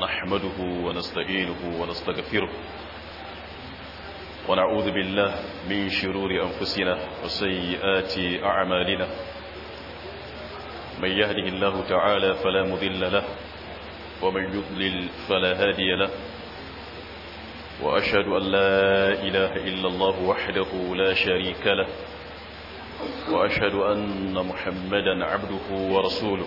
نحمده ونستعينه ونستغفره ونعوذ بالله من شرور أنفسنا وسيئات أعمالنا من يهده الله تعالى فلا مذل له ومن يضلل فلا هادي له وأشهد أن لا إله إلا الله وحده لا شريك له وأشهد أن محمدا عبده ورسوله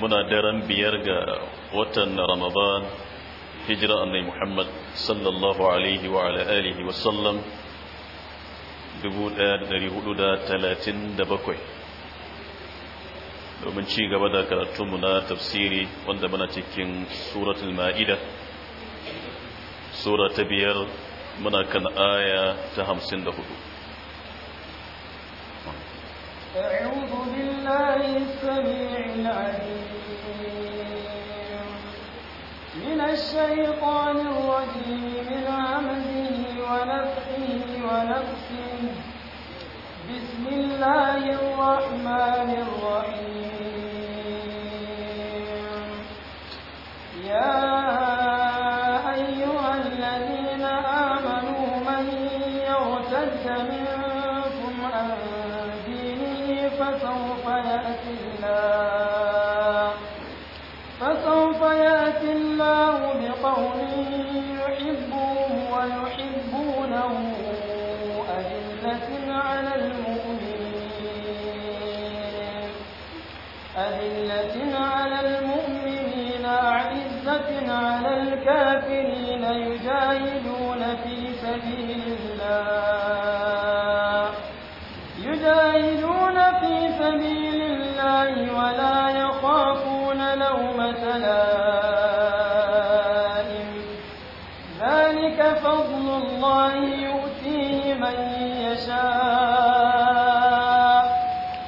muna daren biyar ga watan ramadan hijira annai muhammad sallallahu alaihi wa ala wasallam 1437 domin ci gaba da karatunmu na tafsiri wanda muna cikin suratul ma'ida sura ta biyar muna kan aya ta hamsin da hudu أعوذ بالله السميع الشيطان الرجيم من عمده ونفخه ونفسه بسم الله الرحمن الرحيم يا أيها الذين آمنوا من يرتد منكم عن دينه فسوف يأتي الله الغنائم ذلك فضل الله يؤتيه من يشاء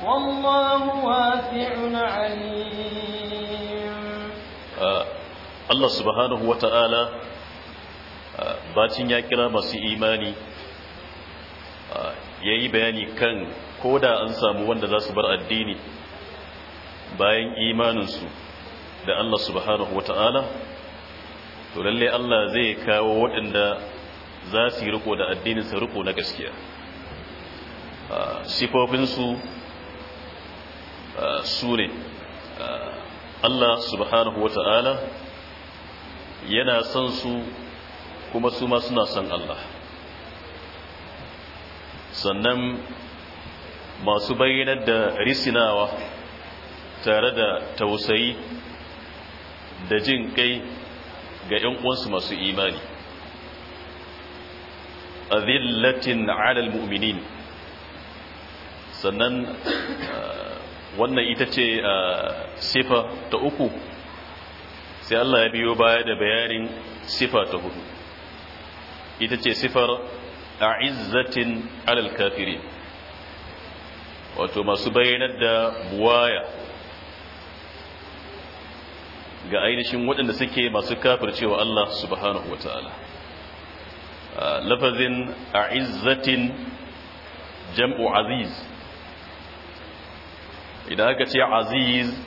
والله واسع عليم الله سبحانه وتعالى bacin ya kira masu imani ya yi bayani kan koda an samu wanda za su bar addini bayan imaninsu da Allah subhanahu wa ta'ala to lalle Allah zai kawo waɗanda za su yi riko da addininsa riko na gaskiya sifofinsu su ne Allah subhanahu wa ta'ala yana son su kuma su ma suna son Allah sannan masu bayyanar da risinawa tare da tausayi da jin kai ga ‘yan uwansu masu imani a zillatin alal mu'minin sannan uh, wannan ita ce uh, sifa ta uku sai Allah ya biyo baya da bayanin sifa ta hudu ita ce sifar a izzatin alal kafiri wato masu bayanar da buwaya ga ainihin waɗanda suke masu kafircewa Allah subhanahu wa ta’ala. lafazin a'izzatin jam'u aziz idan aka ce aziz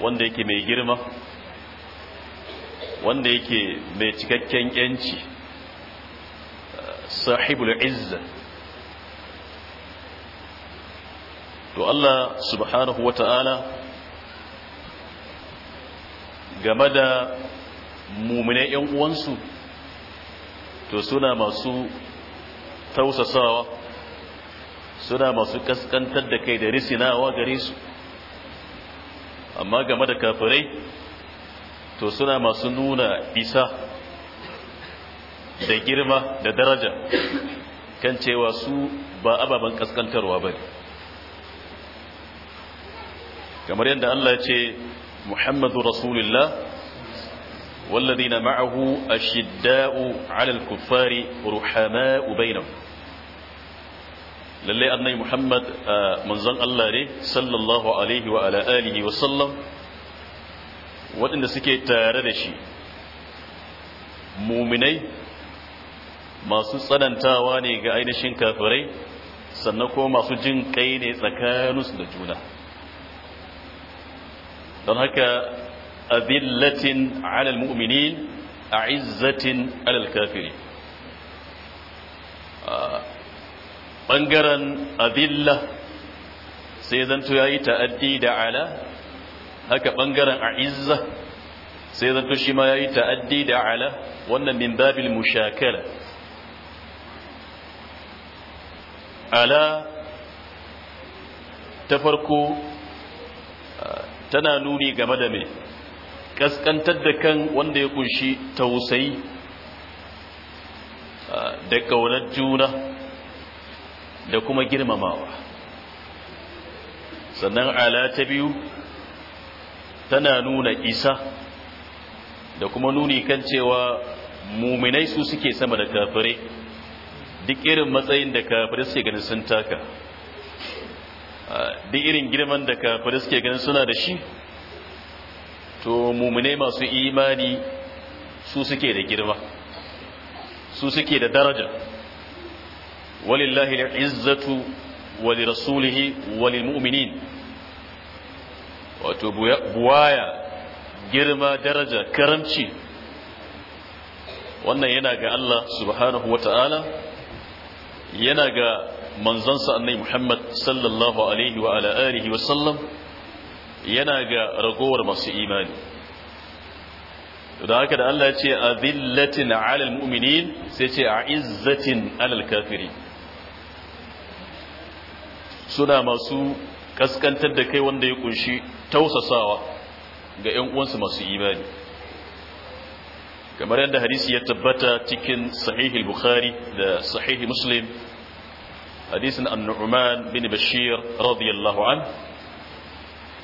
wanda yake mai girma wanda yake mai cikakken yanci sahibul izza to Allah subhanahu wa ta’ala game da mummune yan uwansu to suna masu tausasawa suna masu kaskantar da kai da risinawa gare su amma game da kafirai to suna masu nuna isa da girma da daraja kan cewa su ba ababen kaskantarwa ba kamar yadda Allah ce محمد رسول الله والذين معه أشداء على الكفار رحماء بينهم للي أني محمد منزل الله لي صلى الله عليه وعلى آله وسلم وإن سكي تاردشي مؤمني ما tsanantawa تاواني غاينشين كافري سنكو ما سجن masu jin لجونه don haka adillatin alal mu'minin a'izzatin alal kafiri bangaren adilla sai zanto yayi ta'addi da ala haka bangaren a'izza sai zanto shi ma yayi ta'addi da ala wannan min babil mushakala ala ta farko tana nuni game da me ƙasƙantar da kan wanda ya kunshi tausayi ah, da ƙaunar juna da kuma girmamawa sannan ala ta biyu tana nuna isa da kuma nuni kan cewa muminai su suke sama da kafirai duk irin matsayin da kafirai suke ganin sun taka Ah, da irin girman da kafirai suke ganin suna da shi to mummune masu imani su suke da girma su suke da daraja walillahi al'izzatu wali rasulihi wali mu'minin wato buwaya girma daraja karamci wannan yana ga Allah subhanahu wata'ala yana ga manzansa annai muhammad sallallahu alaihi wa ala wa sallam yana ga ragowar masu imani da haka da Allah ce a zillatin alal mu'minin sai ce a izzatin alal kafiri suna masu kaskantar da kai wanda ya kunshi tausasawa ga 'yan uwansu masu imani kamar yadda hadisi ya tabbata cikin sahihi bukhari da sahih muslim hadisin annu'man bin bashir radiyallahu an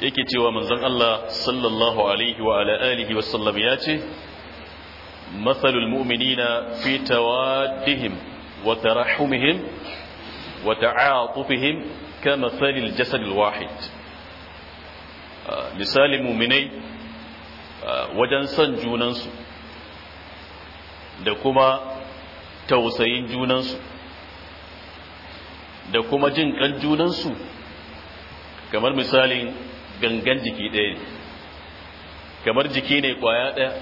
yake cewa manzon Allah sallallahu alaihi wa ala alihi wa sallam ya ce mathalul mu'minina fi tawaddihim wa tarahumihim wa ta'atufihim kamathalil jasadil wahid ah, misali mu'minai ah, wajen son junansu da kuma tausayin junansu da kuma jin kan junansu kamar misalin gangan jiki ɗaya kamar jiki ne kwaya ɗaya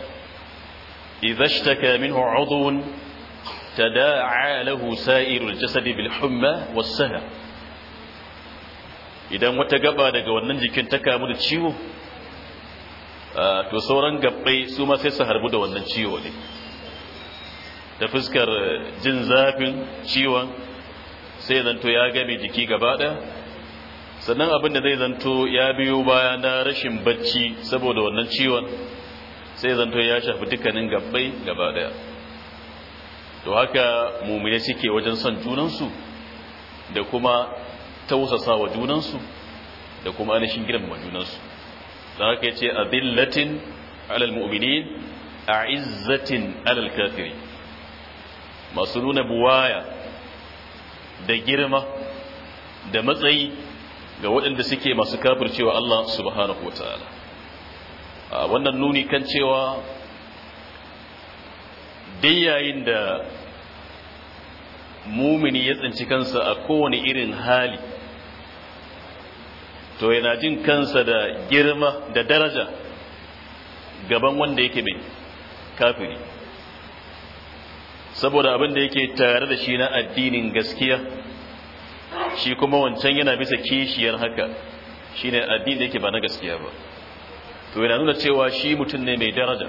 izashtaka minhu udhun tada'a lahu sa'irul jasadi bil humma was idan wata gaba daga wannan jikin ta kamu da ciwo to sauran gabbai su ma sai su harbu da wannan ciwo ne ta fuskar eh, jin zafin ciwon sai zanto ya game jiki gaba ɗaya sannan abin da zai zanto ya biyo baya na rashin bacci saboda wannan ciwon sai zanto ya shafi dukkanin gabbai gaba ɗaya to haka mumune suke wajen son junansu da kuma tausasa wa junansu da kuma anishin wa junansu da haka ya ce azillatin alal mu'minin a izzatin alal kafiri masu nuna buwaya da girma da matsayi ga waɗanda suke masu kafircewa Allah subhanahu wa ta'ala wannan nuni kan cewa dai yayin da mumini ya tsinci kansa a kowane irin hali to yana jin kansa da girma da daraja gaban wanda yake mai kafiri saboda abin da yake tare da shi na addinin gaskiya shi kuma wancan yana bisa kishiyar haka shi ne addin da yake ba na gaskiya ba to yana nuna cewa shi mutum ne mai daraja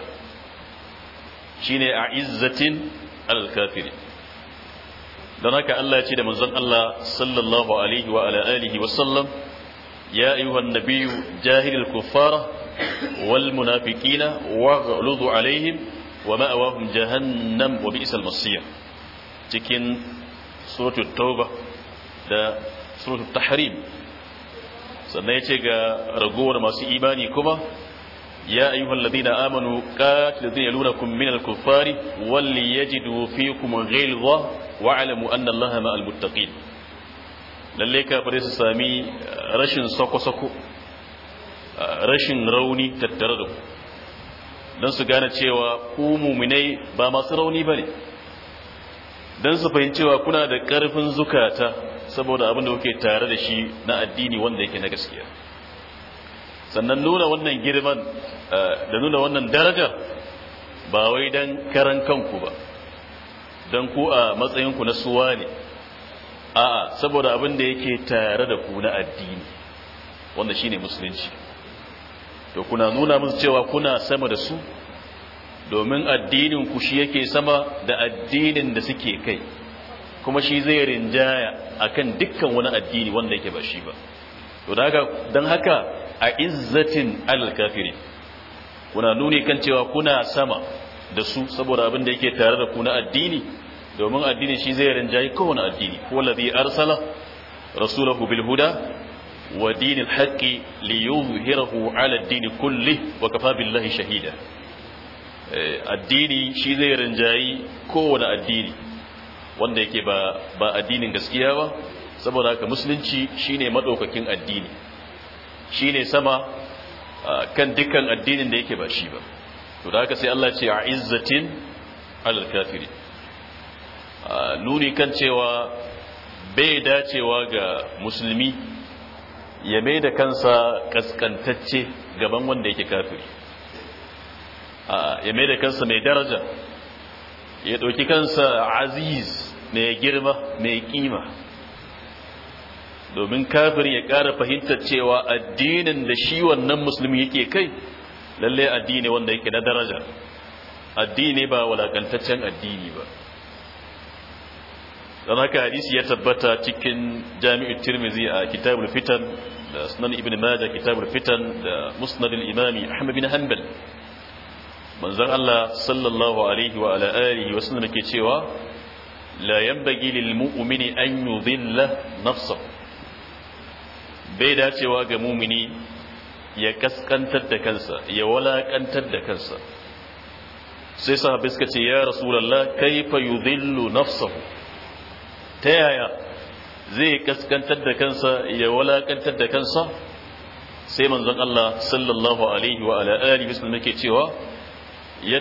shi ne a izzatin alkafiri don haka Allah ya ce da manzon Allah sallallahu alaihi wa alihi wa sallam ya ayyuhan nabiyyu jahilul kuffara wal munafiqina waghludu alaihim wa ma'awahum jahannam wa bi'sal masir cikin suratul tauba da suratul tahrim sannan yace ga ragowar masu imani kuma ya ayyuhal ladina amanu qatil ladina yalunakum minal kuffari wal yajidu fiikum ghilza wa'lamu anna allaha ma'al muttaqin lalle kafare su sami uh, rashin soko soko uh, rashin rauni tattare da ku don su gane cewa ku muminai ba masu rauni ba ne don su fahimcewa kuna da ƙarfin zukata saboda abin da kuke tare da shi na addini wanda yake na gaskiya sannan nuna wannan girman eh, da nuna wannan daraja ba wai don karan kanku ba don ku a matsayinku na suwa ne a'a saboda abin da yake tare da ku na addini wanda shi ne musulunci to kuna nuna musu cewa kuna sama da su domin addinin ku shi yake sama da addinin da suke kai kuma shi zai rinjaya akan dukkan wani addini wanda yake ba shi ba to dan haka a izzatin alkafirin kuna nuni kan cewa kuna sama da su saboda abin da yake tare da ku na addini domin addini shi zai rinjaye kowane addini ko ladhi arsala rasulahu bil huda wa dinil liyuhu li yuzhirahu ala ad kulli wa kafa billahi shahida eh, addini shi zai rinjayi kowane addini wanda yake ba ba addinin gaskiya ba saboda haka musulunci shine madaukakin addini shine sama kan dukkan addinin da yake ba shi ba to da haka sai Allah ce a izzatin alal kafiri nuni kan cewa bai dacewa ga musulmi ya mai da kansa kaskantacce gaban wanda yake kafiri ya mai da kansa mai daraja ya ɗauki kansa aziz mai girma mai ƙima, domin kafir ya ƙara fahimtar cewa addinin da shi wannan musulmi yake kai lallai addini wanda yake na daraja addini ba walakantaccen addini ba don haka hadisi ya tabbata cikin jami'ar tirmizi a kitabul fitan da sunan ibn majah kitabul fitan da musnad al-imami ahmad bin hanbal manzon Allah sallallahu alaihi wa ala alihi wa sallam yake cewa la yanbaghi lil mu'mini an yudhilla nafsahu bai dacewa ga mumini ya kaskantar da kansa ya walakantar da kansa sai sahabbai suka ce ya rasulullah kaifa yudhillu nafsahu ta yaya zai kaskantar da kansa ya walakantar da kansa sai manzon Allah sallallahu alaihi wa ala alihi wasallam cewa ya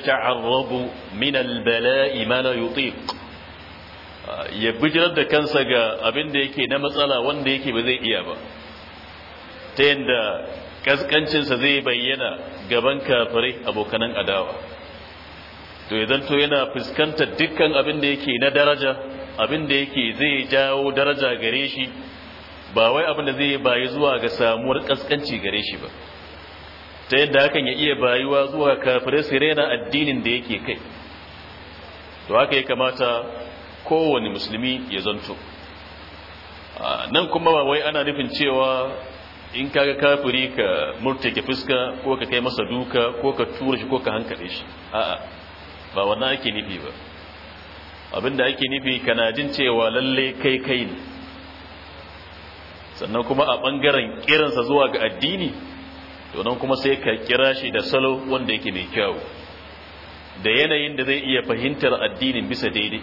min al-bala'i ma la yutiq ya bijirar da kansa ga abin da yake na matsala wanda yake ba zai iya ba ta yadda kaskancinsa zai bayyana gaban kafirai abokanan adawa to idan to yana fuskantar dukkan abin da yake na daraja abin da yake zai jawo daraja gare shi ba wai abin da zai bayi zuwa ga samuwar kaskanci gare shi ba ta yadda hakan ya iya bayuwa zuwa kafirai su addinin da yake kai to haka ya kamata kowane musulmi ya zanto nan kuma ba wai ana nufin cewa in kaga kafiri ka murtake fuska ko ka kai masa duka ko ka tura shi ko ka hankale shi a'a ba wannan ake nufi ba abinda ake nufi kana jin cewa lalle kai kai ne sannan kuma a bangaren kiransa zuwa ga addini to kuma sai ka kira shi da salo wanda yake mai kyau da yanayin da zai iya fahimtar addinin bisa daidai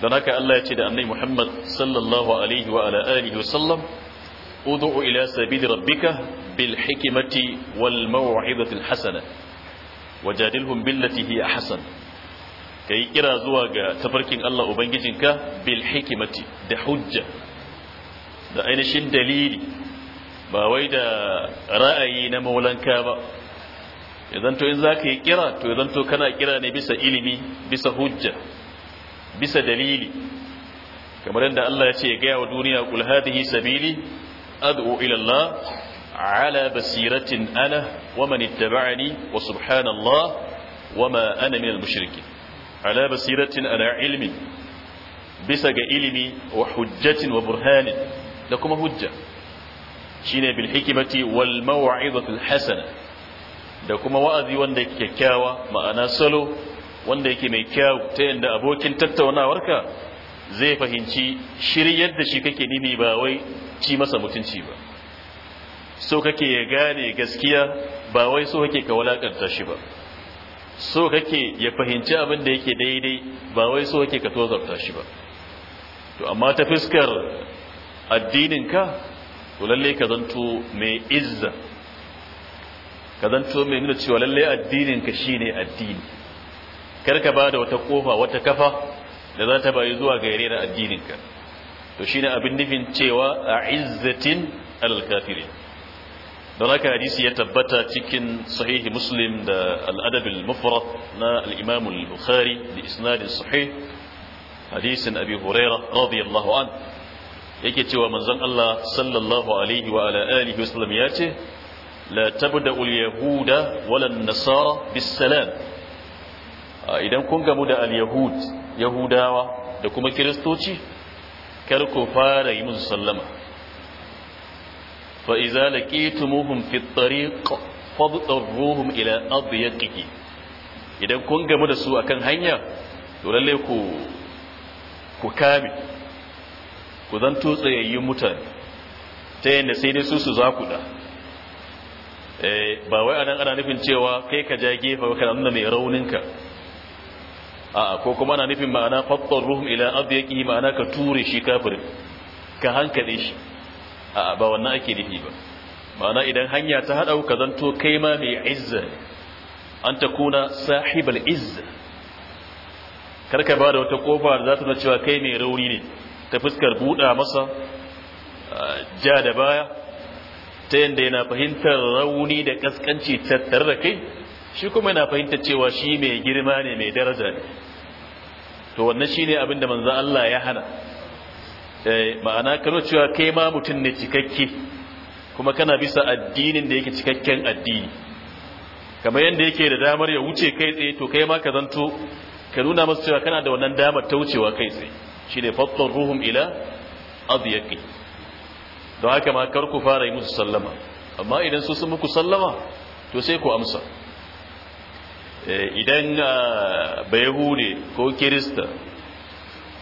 don haka Allah ya ce da annabi Muhammad sallallahu alaihi wa ala alihi wasallam ud'u ila sabili rabbika bil hikmati wal maw'izati al hasana wajadilhum billati hiya ahsan ka yi kira zuwa ga tafarkin Allah Ubangijinka bil hikimati da hujja da ainihin dalili ba wai da ra'ayi na maulanka ba idan to in za ka yi kira to idan to kana kira ne bisa ilimi bisa hujja bisa dalili kamar yadda Allah ya ce ya gaya wa duniya kul hadhihi sabili ad'u ila Allah ala basiratin ana wa man ittaba'ani wa subhanallah wa ma ana minal mushrikin ala basiratin ala ilmin bisa ga ilimi wa hujjatin wa burhanin da kuma hujja shine bil hikimati wal maw'izatil hasana da kuma wa'azi wanda yake kyakkyawa ma'ana salo wanda yake mai kyau ta yanda abokin tattaunawarka zai fahimci shiryar da shi kake nimi ba wai ci masa mutunci ba so kake ya gane gaskiya ba wai so kake ka walakanta shi ba so kake ya fahimci abin da yake daidai ba wai so kake ka tozarta shi ba to amma ta fuskar addininka to lalle ka zanto mai izza ka zanto mai nuna cewa lalle addininka shine addini kar ka bada wata kofa wata kafa da za ta bayi zuwa ga yare da addininka to shine abin nufin cewa a izzatin al-kafirin don haka hadisi ya tabbata cikin sahihi muslim da al'adabil mufrat na al'imamul bukhari da isnadin sahih hadisin abi huraira radiyallahu an yake cewa manzon Allah sallallahu alaihi wa ala alihi wasallam ya ce la tabda ul yahuda wala nasara bis salam idan kun gamu da al yahud yahudawa da kuma kiristoci kar ku fara yi sallama fa iza laqitumuhum fi at-tariq fadurruhum ila adyaqihi idan kun gamu da su akan hanya to lalle ku ku kame ku zanto tsayayyun mutane ta yanda sai dai su su za ku da ba wai anan ana nufin cewa kai ka ja gefe ka nuna mai raunin ka. a'a ko kuma ana nufin ma'ana fattar ruhum ila adyaqihi ma'ana ka ture shi kafirin ka hankale shi a'a ba wannan ake nufi ba ma'ana idan hanya ta hada ka zanto kai ma mai izza an ta kuna sahibal izza karka ba da wata kofa da za ta cewa kai mai rauni ne ta fuskar buɗa masa ja da baya ta yadda yana fahimtar rauni da ƙasƙanci tattare da kai shi kuma yana fahimtar cewa shi mai girma ne mai daraja ne to wannan shi abin da manzo Allah ya hana Eh, ma'ana kano cewa kai ma mutum ne cikakke kuma kana bisa addinin da yake cikakken addini kamar yadda yake da damar ya wuce kai tsaye to kai ma ka zanto ka nuna masu cewa kana da wannan damar ta wucewa kai tsaye shi ne fattar ruhun ila adiyaki don haka ma kar ku fara yi musu sallama amma idan su sun muku sallama to sai ku amsa eh, idan ah, ba ko kirista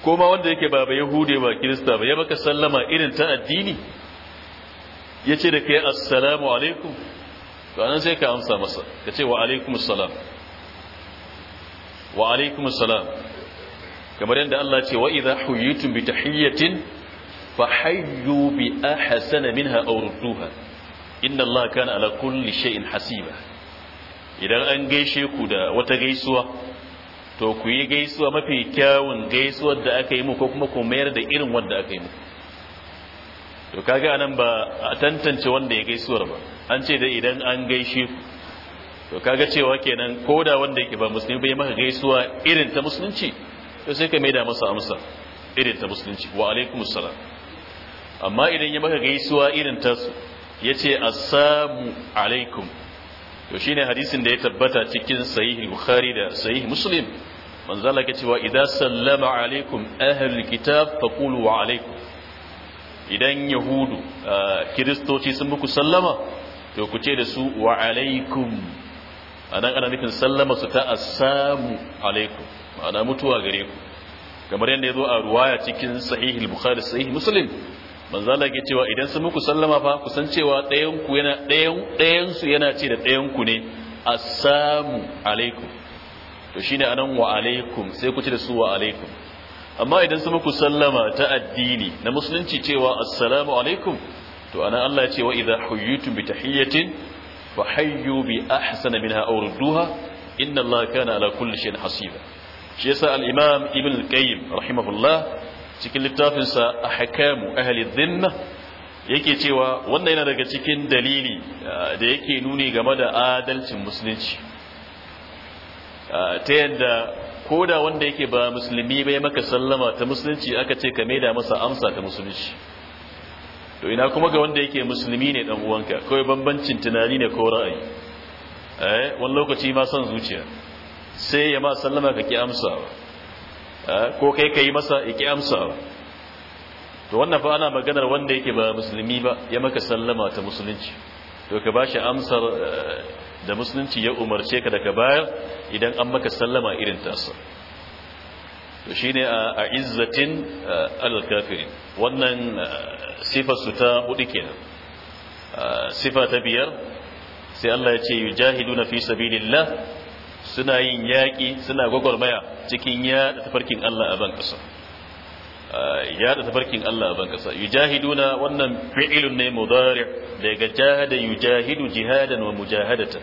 ko ma wanda yake ba ba yahude ba kirista ba ya baka sallama irin ta addini ya ce da kai assalamu alaikum to anan sai ka amsa masa ka ce wa alaikum salam wa alaikum salam kamar yadda Allah ce wa idha huyitum bi tahiyyatin fa hayyu bi ahsana minha aw rudduha inna Allah kana ala kulli shay'in hasiba idan an gaishe ku da wata gaisuwa to ku yi gaisuwa mafi kyawun gaisuwar da aka yi mu ko kuma ku mayar da irin wanda aka yi mu to kaga anan ba a tantance wanda ya gaisuwar ba an ce da idan an gaishe ku to kaga cewa kenan ko da wanda yake ba musulmi bai maka gaisuwa irin ta musulunci to sai ka maida masa amsa irin ta musulunci wa alaikumus salam amma idan ya maka gaisuwa irin ta su yace assalamu alaikum to shine hadisin da ya tabbata cikin sahih bukhari da sahih muslim manzo Allah ya ce wa sallama alaikum ahlul kitab faqulu wa alaikum idan yahudu kiristoci sun muku sallama to ku ce da su wa alaikum anan ana nufin sallama su ta assamu alaikum ma'ana mutuwa gare ku kamar yadda ya zo a ruwaya cikin sahih al-bukhari sahih muslim manzo Allah ke cewa idan sun muku sallama fa kusan cewa ɗayan ku yana ɗayan ɗayan su yana ce da ɗayan ku ne assalamu alaikum to shine anan wa alaikum sai ku ce da su wa alaikum amma idan sun muku sallama ta addini na musulunci cewa assalamu alaikum to anan Allah ya ce wa idza huyyitum bi tahiyyatin fa hayyu bi ahsana minha aw rudduha inna Allah kana ala kulli shay'in hasiba shi yasa al-imam ibn al-qayyim rahimahullah cikin littafinsa a hakamu ahli dhinna yake cewa wannan yana daga cikin dalili uh, da yake nuni game da adalcin musulunci uh, ta yadda ko da wanda yake ba musulmi bai maka sallama ta musulunci aka ce ka maida masa amsa ta musulunci to ina kuma ga wanda yake musulmi ne dan uwanka kawai bambancin tunani ne ko ra'ayi eh wani lokaci ma son zuciya sai ya ma sallama ka ki amsawa ko kai ka yi masa iki amsa to wannan fa ana maganar wanda yake ba musulmi ba ya maka sallama ta musulunci to ka bashi amsar eh, da musulunci ya umarce ka daga bayar idan an maka sallama irin tasa to shine a izzatin eh, al-kafirin wannan eh, sifar su ta hudu kenan sifa ta biyar sai Allah ya ce yujahiduna fi sabilillah suna yin yaƙi suna gwagwarmaya cikin yada tafarkin Allah a ban ƙasa ah, yada tafarkin Allah a ban ƙasa yujahiduna wannan fi'ilun ne mudari' daga jahada yujahidu jihadan wa mujahadata?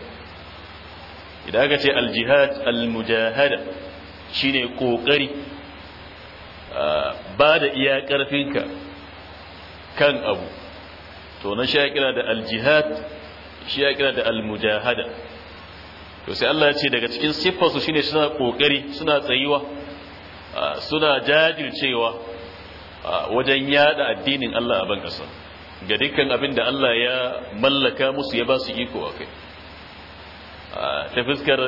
idan aka ce al-jihad al-mujahada shine kokari ah, ba da iya ƙarfinka kan abu to na shi ya kira da al-jihad shi ya kira da al-mujahada to sai Allah ya ce daga cikin siffarsu shine suna kokari suna tsayuwa suna jajircewa wajen yada addinin Allah a bankasa. ga dukkan abin da Allah ya mallaka musu ya ba su iko akai ta fuskar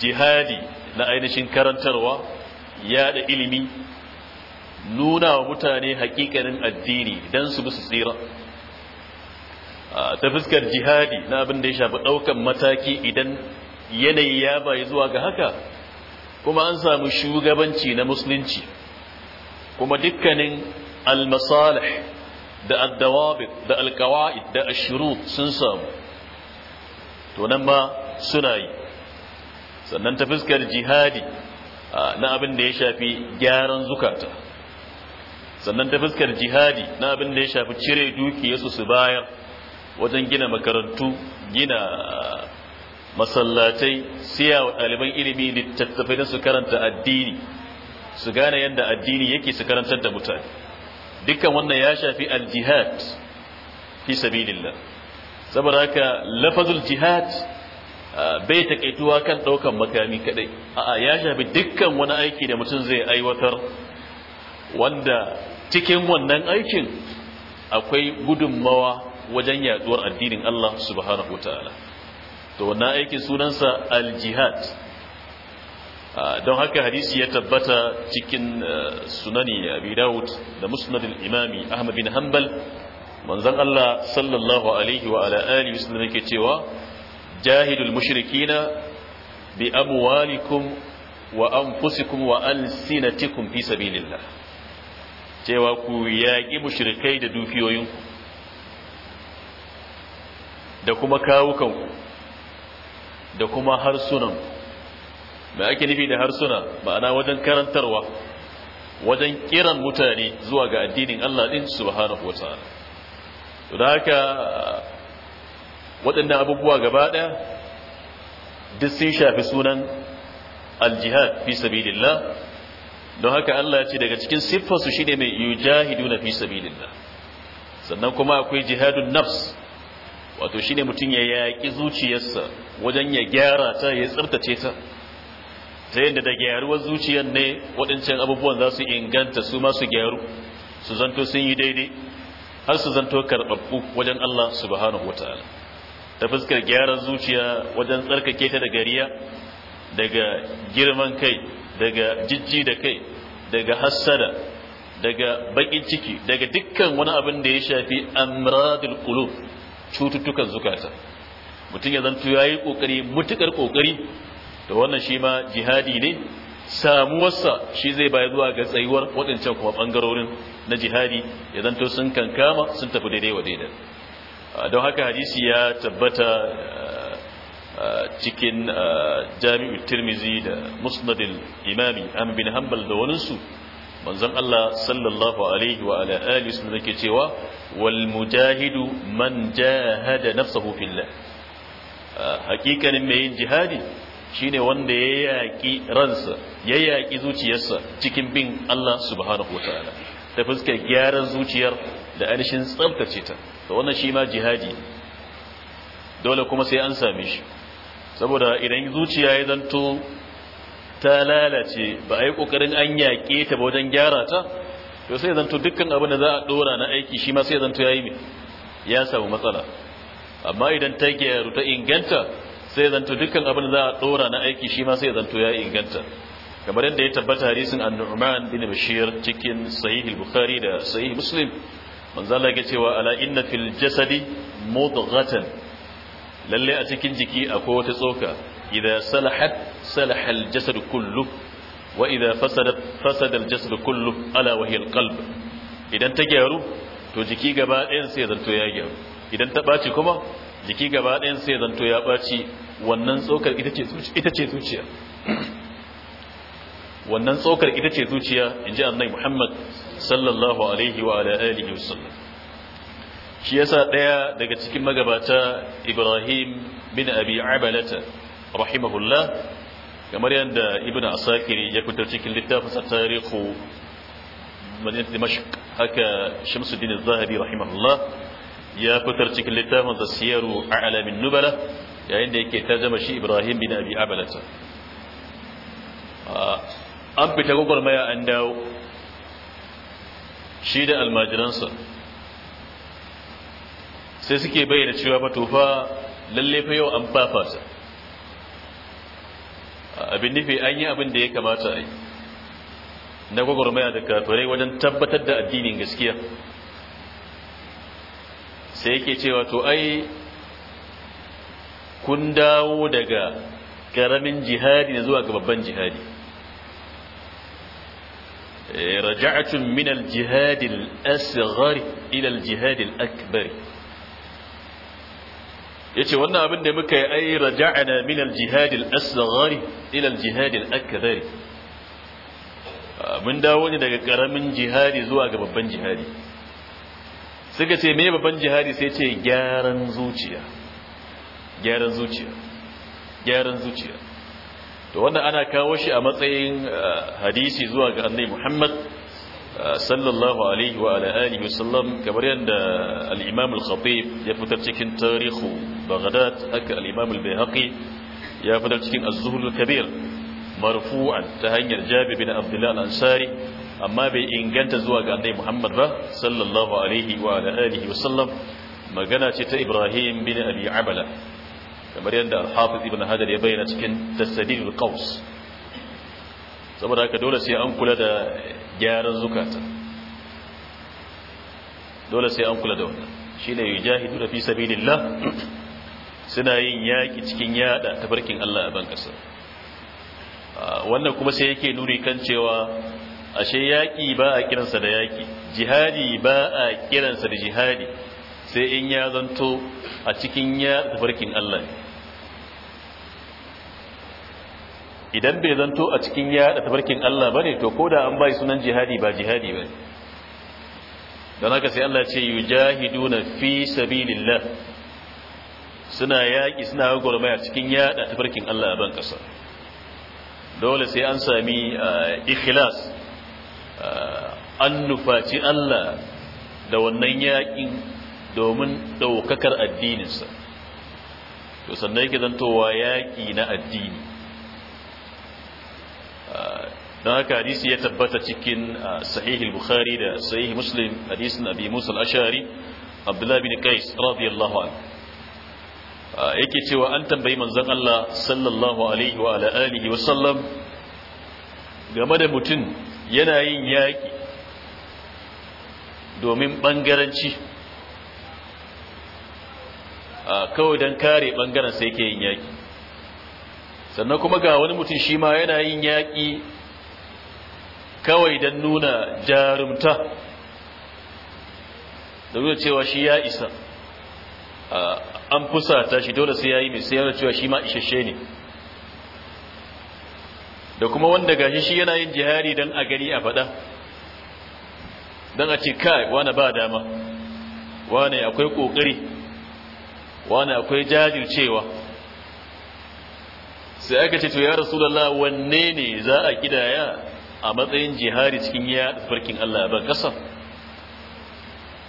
jihadi na ainihin karantarwa yada ilimi nuna wa mutane hakikanin addini don su bi su tsira Ah, ta fuskar jihadi na abin da ya shafi daukan mataki idan yanayi ya bayi zuwa ga haka kuma an samu shugabanci na musulunci kuma dukkanin almasalih da addawabit da alkawa'id da ashurut sun samu to nan ma suna yi sannan ta fuskar jihadi ah, na abin da ya shafi gyaran zukata sannan ta fuskar jihadi na abin da ya shafi cire dukiyarsu su bayar wajen gina makarantu gina masallatai siya wa ɗaliban ilimi littattafai don su karanta addini su gane yadda addini yake su karantar da mutane dukkan wannan ya shafi aljihad fi sabilillah saboda haka lafazul jihad bai takaituwa kan ɗaukan makami kadai a'a ya shafi dukkan wani aiki da mutum zai aiwatar wanda cikin wannan aikin akwai gudunmawa wajen yaduwar addinin Allah subhanahu wataala to wannan aikin sunansa al-jihad don haka hadisi ya tabbata cikin eh, sunani abi dawud da musnad al-imami ahmad bin hanbal manzon Allah sallallahu alaihi wa ala alihi wasallam yake cewa jahidul mushrikina bi amwalikum wa anfusikum wa alsinatikum fi sabilillah cewa ku yaƙi mushrikai da dukiyoyinku da kuma kawukanku da kuma harsunan. mai ake nufi da harsuna ma'ana wajen karantarwa wajen kiran mutane zuwa ga addinin Allah din subhanahu wa to da haka waɗannan abubuwa gaba ɗaya duk sun shafi sunan aljihad fi sabilillah don haka Allah ya ce daga cikin siffarsu shine mai na fi sabilillah sannan kuma akwai jihadun nafs wato ne mutum ya yaƙi zuciyarsa wajen ya gyara ta ya tsirtace ta ta yadda da gyaruwar zuciyar ne waɗancan abubuwan za su inganta su masu gyaru su zanto sun yi daidai har su zanto karɓaɓɓu wajen Allah subhanahu wa ta'ala ta fuskar gyaran zuciya wajen tsarkake ta da gariya, daga girman kai daga jijji da kai daga hassada daga baƙin ciki daga dukkan wani abin da ya shafi amradul qulub cututtukan zukata mutum ya zanto ya yi ƙoƙari mutuƙar ƙoƙari da wannan shi ma jihadi ne samuwarsa shi zai bayar zuwa ga tsayuwar waɗancan kuma ɓangarorin na jihadi ya zanto sun kankama sun tafi daidai wa daidai don haka hadisi ya tabbata cikin jami'ul tirmizi da musnadil imami an bin hanbal da waninsu manzon Allah sallallahu alaihi wa ala alihi sun yake cewa wal mujahidu man jahada nafsahu fillah hakikanin mai yin jihadi shine wanda ya yaki ransa ya yaki zuciyarsa cikin bin Allah subhanahu wa ta'ala ta fuska gyaran zuciyar da anishin tsabtace ta to wannan shi ma jihadi dole kuma sai an same shi saboda idan zuciya ya zanto ta lalace ba a yi ƙoƙarin an yaƙe ta ba wajen gyara ta to sai zanto dukkan abin da za a ɗora na aiki shi ma sai zanto ya yi ne ya samu matsala amma idan ta gyaru ta inganta sai zanto dukkan abin da za a ɗora na aiki shi ma sai zanto ya inganta kamar yadda ya tabbata hadisin an-nu'man bin bashir cikin sahih bukhari da sahih muslim manzo Allah yake cewa ala inna fil jasadi mudghatan lalle a cikin jiki akwai wata tsoka idza salahat salaha al-jasad kullu wa idza fasadat fasada al-jasad ala wa hiya idan ta gyaru to jiki gaba ɗayan sai ya gyaru idan ta baci kuma jiki gaba ya wannan tsokar ita ce zuciya inji annabi Muhammad sallallahu alaihi wa ala wasallam shi yasa daya daga cikin magabata Ibrahim bin Abi Abalata rahimahullah kamar yadda ibn asakiri ya kuntar cikin littafin sa tarihu madinat dimashq haka shamsuddin az-zahabi rahimahullah ya fitar cikin littafin sa siyaru a'lamin nubala yayin da yake tarjama shi ibrahim bin abi abalata an fita gwagwarmaya an dawo shi da almajiransa sai suke bayyana cewa fa tofa lalle fa yau an fafasa abin nufi an yi abin da ya kamata a yi na gwagwarmaya da kafirai wajen tabbatar da addinin gaskiya sai yake cewa to ai kun dawo daga karamin jihadi na zuwa ga babban jihadi eh, raja'atun minal al-jihad al-asghar ila al-jihad al-akbar yace wannan abin da muka yi ai raja'na min al-jihad al-asghar ila al-jihad al-akbar mun dawo ne daga karamin jihadi zuwa ga babban jihadi suka ce me babban jihadi sai ce gyaran zuciya gyaran zuciya gyaran zuciya to wanda ana kawo shi a matsayin eh, hadisi zuwa ga annabi Muhammad sallallahu alaihi wa ala alihi wasallam kamar yadda al-imam al-khatib ya fitar cikin tarihu baghdad haka al-imam al-bayhaqi ya fitar cikin az-zuhd al-kabir marfu'an ta hanyar jabi bin abdullah al-ansari amma bai inganta zuwa ga annabi muhammad ba sallallahu alaihi wa ala alihi wasallam magana ce ta ibrahim bin abi abala kamar yadda al-hafiz ibn hajar ya bayyana cikin tasdid al saboda haka dole sai an kula da gyaran zukata dole sai an kula da wannan shi ne yujahidu da fi sabilillah suna yin yaƙi cikin yada tafarkin Allah a ban wannan kuma sai yake nuri kan cewa ashe yaƙi ba a kiransa da yaƙi jihadi ba a kiransa da jihadi sai in ya zanto a cikin yada tafarkin Allah idan bai zanto a cikin yada tabarkin Allah bane to koda an bai sunan jihadi ba jihadi bane Da haka sai Allah ce yujahiduna fi sabilillah suna yaki suna gurmaya cikin yada tabarkin Allah a ban kasa dole sai an sami eh, ikhlas eh, an nufaci Allah da wannan yakin domin daukakar addininsa to sannan yake zantowa yaki na addini don haka hadisi ya tabbata cikin ah, sahih bukhari da sahih muslim hadisin abi musa al-ashari abdullahi bin qais radiyallahu anhu ah, yake cewa an tambayi manzon Allah sallallahu alaihi wa ala alihi wa sallam game da mutum yana yin yaki domin bangaranci ah, kawai don kare bangaren sai yake yin yaki sannan kuma ga wani mutum shi ma yana yin yaki kawai don nuna jarumta da nuna cewa shi ya isa an fusata shi dole sai ya yi mai sayar cewa shi ma isasshe ne da kuma wanda gashi shi yana yin jihari don a gani a faɗa don a ce kai wane ba dama wane akwai ƙoƙari wane akwai jajircewa sai aka ce to ya rasu da wanne ne za a kidaya a matsayin jihari cikin ya farkin Allah a kasar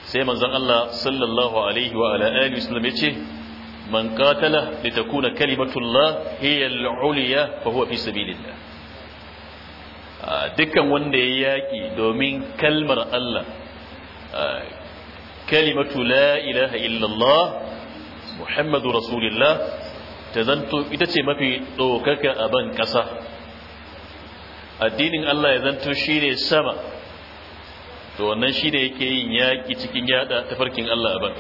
sai manzon Allah sallallahu alaihi wa ala alihi wasallam yace man qatala litakuna kalimatullah hiya al fa huwa fi sabilillah dukkan wanda ya yaƙi domin kalmar Allah kalimatu la ilaha illallah muhammadu rasulullah ta zanto ita ce mafi ɗaukaka a ban ƙasa addinin Allah ya zanto shi ne sama to wannan shi ne yake yin yaƙi cikin yada tafarkin Allah a ban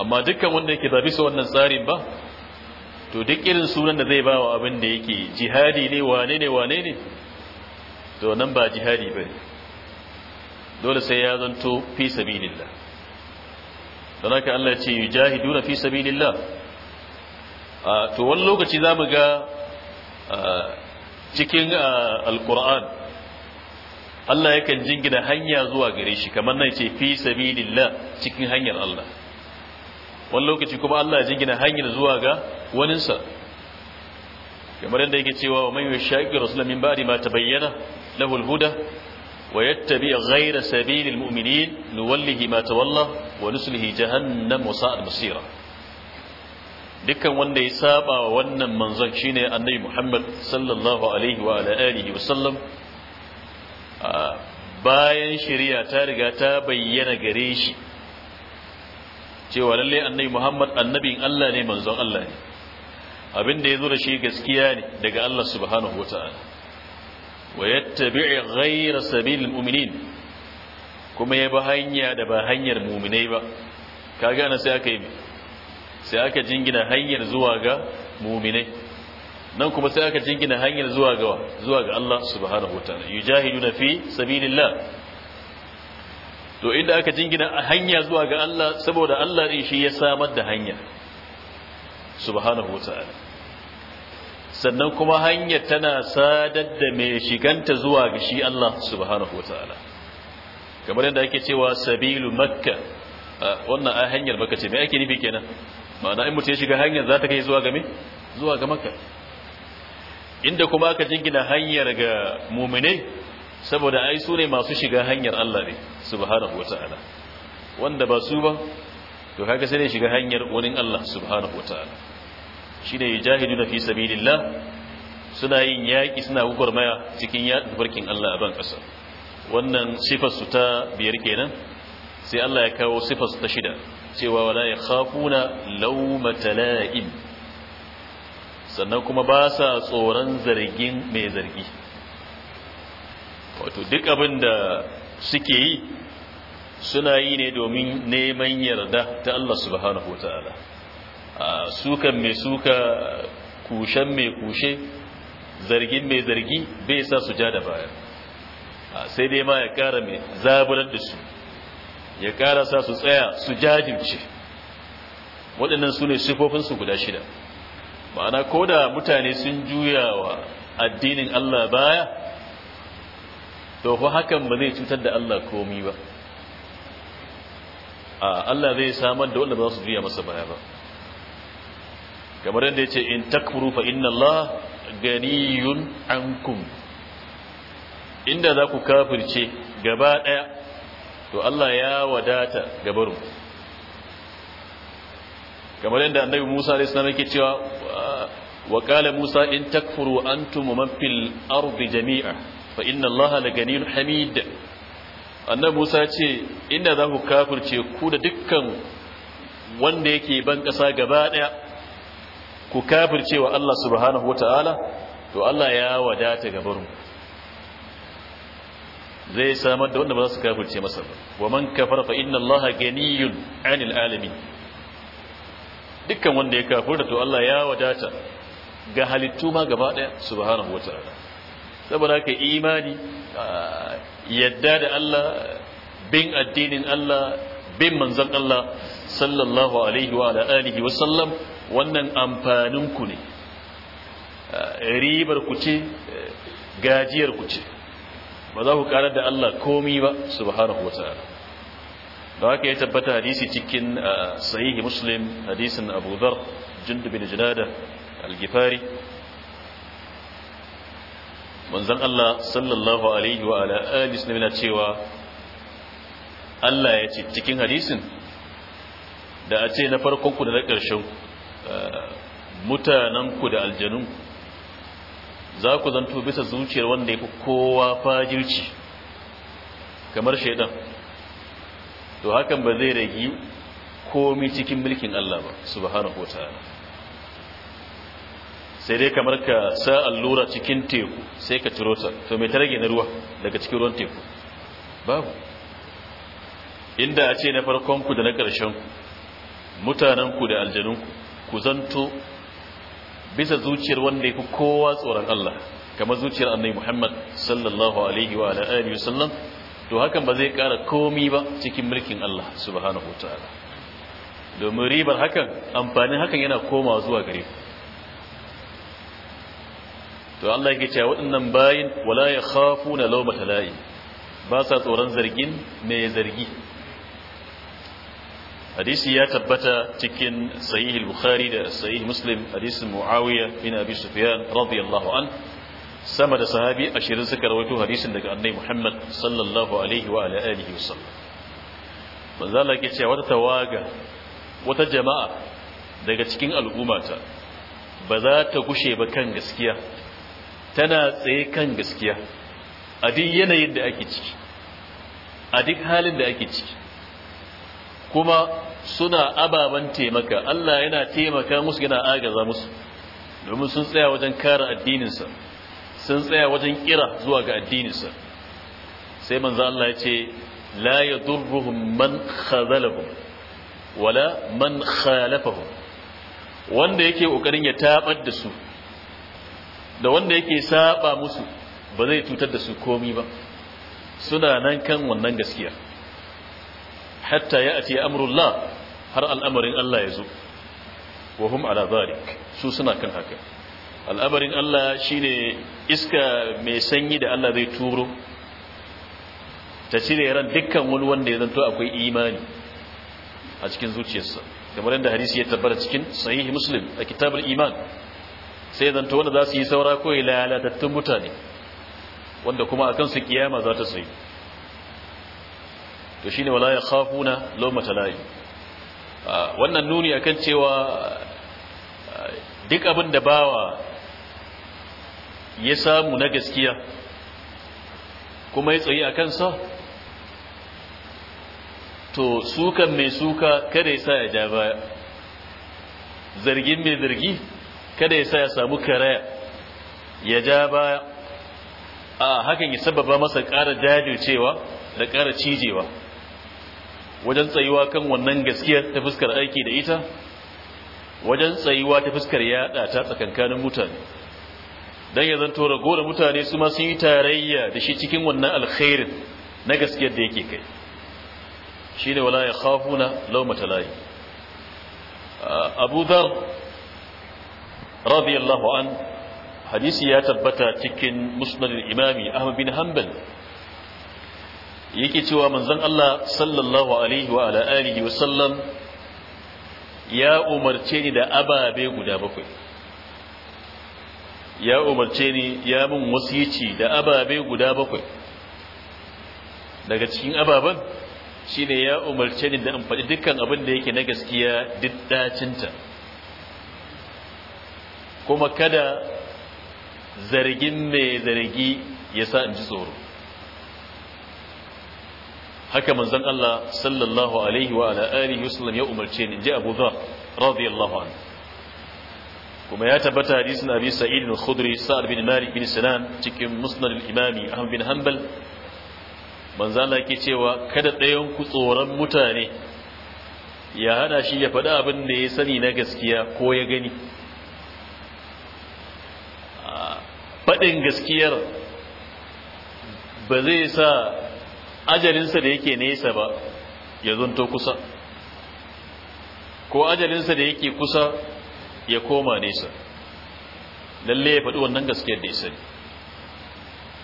amma dukkan wanda yake zabi su wannan tsarin ba to duk irin sunan da zai ba wa abin da yake jihadi ne wane ne wane ne to nan ba jihadi bane dole sai ya zanto fi sabilillah don haka Allah ya ce yujahiduna fi sabilillah to wani lokaci za mu ga cikin ah, alkur'an Allah yakan jingina hanya zuwa gare shi kamar nan ce fi sabilillah cikin hanyar Allah wani lokaci kuma Allah jingina hanyar zuwa ga waninsa kamar yadda yake cewa wa man yashaqi rasulan min ba'di ma tabayyana lahu al wa yattabi ghayra sabilil mu'minin nuwallihi ma tawalla wa nuslihi jahannam wa sa'at masira dukkan wanda ya saba wa wannan manzon shine annabi Muhammad sallallahu alaihi wa alihi wa sallam bayan shari'a ta riga ta bayyana gare shi cewa lalle annabi Muhammad annabin Allah ne manzon Allah ne abin da yazo da shi gaskiya ne daga Allah subhanahu wataala wa yattabi'i ghayra sabilil mu'minin kuma ya ba hanya da ba hanyar mu'minai ba kaga na sai aka yi sai aka jingina hanyar zuwa ga mumine nan kuma sai aka jingina hanyar zuwa ga zuwa ga Allah subhanahu wataala yujahiduna fi sabilillah to inda aka jingina hanya zuwa ga Allah saboda Allah din shi ya samar da hanya subhanahu wataala sannan kuma hanya tana sadar da mai shiganta zuwa ga shi Allah subhanahu wataala kamar yadda ake cewa sabilu makka wannan a hanyar makka ce me ake nufi kenan ma'ana in mutu ya shiga hanyar za ta kai zuwa ga me zuwa ga makka inda kuma aka jingina hanyar ga muminai saboda ai su ne masu shiga hanyar Allah ne subhanahu wata'ala wanda ba su ba to kaga sai ne shiga hanyar wani Allah subhanahu wata'ala shine yajahiduna fi sabilillah suna yin yaki suna maya cikin yaƙi barkin Allah a ban kasa wannan sifar ta biyar kenan sai Allah ya kawo sifar ta shida cewa wala ya khafuna laumata la'im sannan kuma ba sa tsoron zargin mai zargi wato duk abin da suke yi suna yi ne domin neman yarda ta Allah subhanahu wa ta'ala sukan mai suka kushen mai kushe zargin mai zargi bai sa su ja da baya sai dai ma ya kara mai zaburar da su ya ƙara sa su tsaya su jajirce waɗannan su ne sifofinsu guda shida ma'ana ko da mutane sun juya wa addinin Allah baya to fa hakan ba zai cutar da Allah komi ba Allah zai samar da wanda ba su juya masa baya ba kamar yadda ya ce in takfuru fa inna Allah ganiyun ankum inda za ku kafirce gaba ɗaya to Allah ya wadata ga barin kamar yadda annabi Musa alayhi salam yake cewa wa qala Musa in takfuru antum man fil ardi jami'a fa inna Allaha laganiyyun hamid annabi Musa ya ce inda za ku kafirce ku da dukkan wanda yake ban kasa gaba daya ku kafircewa wa Allah subhanahu wataala to Allah ya wadata gabarmu zai samar da wanda ba za su kafirce masa wa man kafar fa inna Allah ganiyun 'anil alamin dukkan wanda ya kafurta to Allah ya wadata ga halittu ma gaba daya subhanahu wataala saboda haka imani yadda da Allah bin addinin Allah bin manzon Allah sallallahu alaihi wa alihi wa sallam wannan amfanin ku ne ribar ku ce gajiyar ku ce ba za ku karar da Allah komi ba subhanahu wa ta'ala da waka ya tabbata hadisi cikin uh, sahihi muslim hadisin abu dhar jundub bin junada al-gifari manzon Allah sallallahu alaihi wa ala'adis na bina cewa Allah ya ce cikin hadisin da a ce na farkonku da na ƙarshen uh, mutanenku ku da aljanun za ku zanto bisa zuciyar wanda ya fi kowa fajirci kamar shaidan to hakan ba zai ragi komi cikin mulkin Allah ba subhanahu wa ta'ala sai dai kamar ka sa allura cikin teku sai ka turota, to mai ta rage na ruwa daga cikin ruwan teku babu inda a ce na farkonku da na ƙarshenku mutanenku da aljanunku ku zanto bisa zuciyar wanda yafi kowa tsoron Allah kamar zuciyar annabi Muhammad sallallahu alaihi wa alihi wasallam to hakan ba zai kara komai ba cikin mulkin Allah subhanahu wataala domin ribar hakan amfanin hakan yana komawa zuwa gare to Allah yake cewa waɗannan bayin wala yakhafuna lawmata la'i ba sa tsoron zargin me zargi hadisi ya tabbata cikin sahih al-bukhari da sahih muslim hadisin muawiya bin abi sufyan radiyallahu an sama da sahabi 20 suka rawaito hadisin daga annabi muhammad sallallahu alaihi wa ala alihi wasallam manzo Allah yake cewa wata tawaga wata jama'a daga cikin al'ummata ba za ta gushe ba kan gaskiya tana tsaye kan gaskiya a duk yanayin da ake ciki a duk halin da ake ciki kuma suna ababen taimaka Allah yana taimaka musu yana agaza musu domin sun tsaya wajen kare addininsa sun tsaya wajen kira zuwa ga addininsa sai manzo Allah ya ce la yadurruhum man khazalahum wala man khalafahum wanda yake kokarin ya tabar da su da wanda yake saba musu ba zai tutar da su komai ba suna nan kan wannan gaskiya hatta ya ati amrullah har al'amarin Allah ya zo wa hum ala zalik su suna kan haka al'amarin Allah shine iska mai sanyi da Allah zai turo ta cire ran dukkan wani wanda ya zanto akwai imani a cikin zuciyarsa kamar yadda hadisi ya tabbata cikin sahihi muslim a kitabul iman sai zanto wanda za su yi saura ko lalatattun mutane wanda kuma a kansu kiyama za ta sayi to shine wala ya khafuna lomata la'i wannan nuni akan cewa duk abin da bawa ya samu na gaskiya kuma ya tsayi a kansa to sukan mai suka kada ya sa ya ja baya zargin mai zargi kada ya sa ya samu karaya ya ja baya a hakan ya sababa masa ƙara cewa da ƙara cijewa wajen tsayuwa kan wannan gaskiyar ta fuskar aiki da ita wajen tsayuwa ta fuskar ya ta tsakankanin mutane don ya zanto ragowar mutane su ma yi tarayya da shi cikin wannan alkhairin na gaskiyar da yake kai shi ne wala ya khafu na laumata layi ah, abu radiyallahu an hadisi ya tabbata cikin musnadin imami ahmad bin hanbal yake cewa manzon Allah sallallahu alaihi wa ala alihi wa sallam ya umarce ni da ababe guda bakwai ya umarce ni ya min wasici da ababe guda bakwai daga cikin ababen shine ya umarce ni da in faɗi dukkan abin da yake na gaskiya diddacinta kuma kada zargin mai zargi ya sa in ji tsoro haka manzon Allah sallallahu alaihi wa ala alihi wasallam ya umarce ni je Abu Dharr radiyallahu anhu kuma ya tabbata hadisin Abi Sa'id al-Khudri bin Malik bin Sinan cikin Musnad al-Imami Ahmad bin Hanbal manzon Allah yake cewa kada ɗayan ku tsoron mutane ya hada shi ya faɗi abin da ya sani na gaskiya ko ya gani faɗin gaskiyar ba zai sa ajalinsa da yake nesa ba ya zonto kusa ko ajalinsa da yake kusa ya koma nesa lalle ya faɗi wannan gaskiyar da isa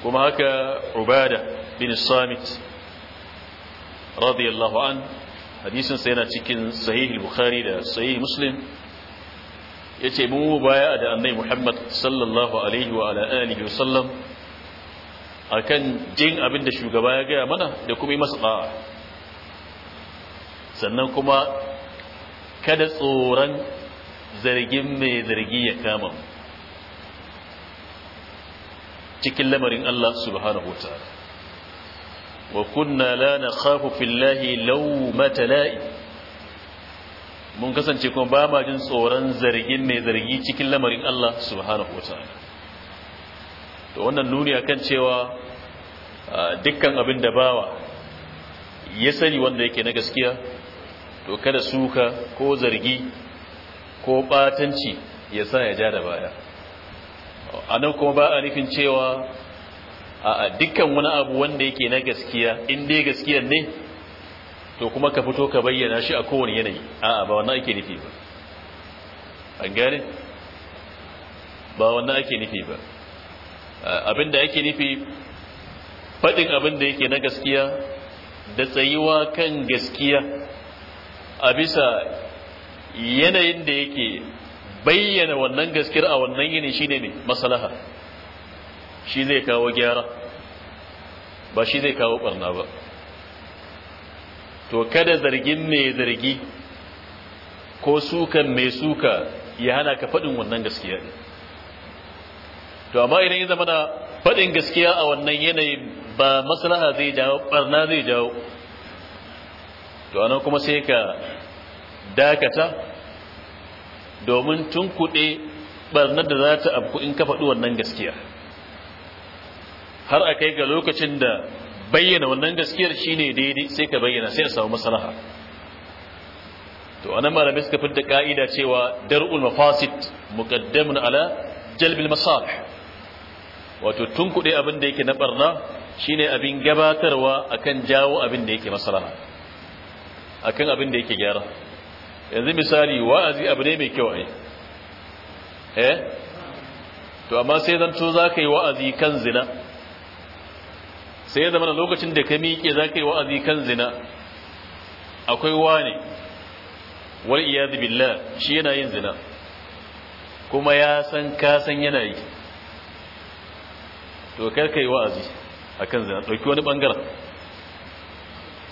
kuma haka ubada bin samit radiyallahu an hadisinsa yana cikin sahihul bukhari da sahih muslim ya ce mu baya da annai muhammad sallallahu alaihi wa ala alihi sallam. akan jin abin da shugaba ya gaya mana da kuma yi masa ɗa'a sannan kuma kada tsoron zargin mai zargi ya kama cikin lamarin Allah subhanahu wa ta'ala wa kunna la nakhafu fillahi lawmata la'i mun kasance kuma ba ma jin tsoron zargin mai zargi cikin lamarin Allah subhanahu wa ta'ala to wannan nuni akan cewa dukkan abin da bawa ya sani wanda yake na gaskiya to kada suka ko zargi ko batanci ya sa ya ja da baya a nan kuma ba a nufin cewa a dukkan wani abu wanda yake na gaskiya in dai gaskiyar ne to kuma ka fito ka bayyana shi a kowane yanayi a'a ba wannan ake nufi ba an gane ba wannan ake nufi ba Eh, abin da yake nufi faɗin da yake na gaskiya da tsayuwa kan gaskiya a bisa yanayin da yake bayyana wannan gaskiyar a wannan yini shine ne masalaha, shi zai kawo gyara ba shi zai kawo barna ba to kada zargin mai zargi ko sukan mai suka ya hana ka faɗin wannan gaskiya ne to amma idan ya zama na faɗin gaskiya a wannan yanayi ba maslaha zai jawo barna zai jawo to anan kuma sai ka dakata domin tun kuɗe barna da za ta abku in ka faɗi wannan gaskiya har a kai ga lokacin da bayyana wannan gaskiyar shine daidai sai ka bayyana sai a samu maslaha to anan malami suka fitar da ka'ida cewa dar'ul mafasid muqaddamun ala jalbil masalih wato kuɗe abin da yake na barna shine abin gabatarwa akan jawo abin da yake a akan abin da yake gyara yanzu misali wa'azi abu ne mai kyau ai eh to amma sai zanto ka yi wa'azi kan zina sai zama na lokacin da ka miƙe za ka yi wa'azi kan zina akwai wani wal iyad billah shi yana yin zina kuma ya san ka san yana yi to kar ka yi wa'azi a kan zina ɗauki wani ɓangaren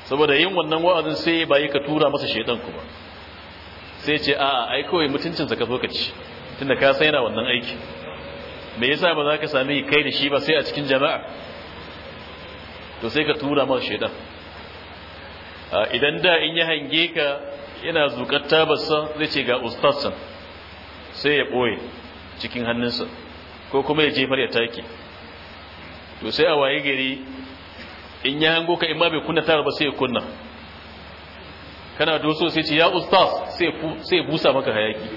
saboda yin wannan wa'azin sai yi ka tura masa ku ba. sai ce a ai kawai mutuncinsa ka zo ka ci tunda ka san yana wannan aiki me yasa ba za ka sami kai da shi ba sai a cikin jama'a to sai ka tura masa shedan idan da in ya hange ka yana zukar tabarsa zai ce ga ustazsan sai ya ɓoye cikin hannunsa ko kuma ya jefar ya take to sai a waye gari in ya hango ka imma bai kunna tara ba sai ya kunna kana doso sai ce ya ustaz sai ya busa maka hayaki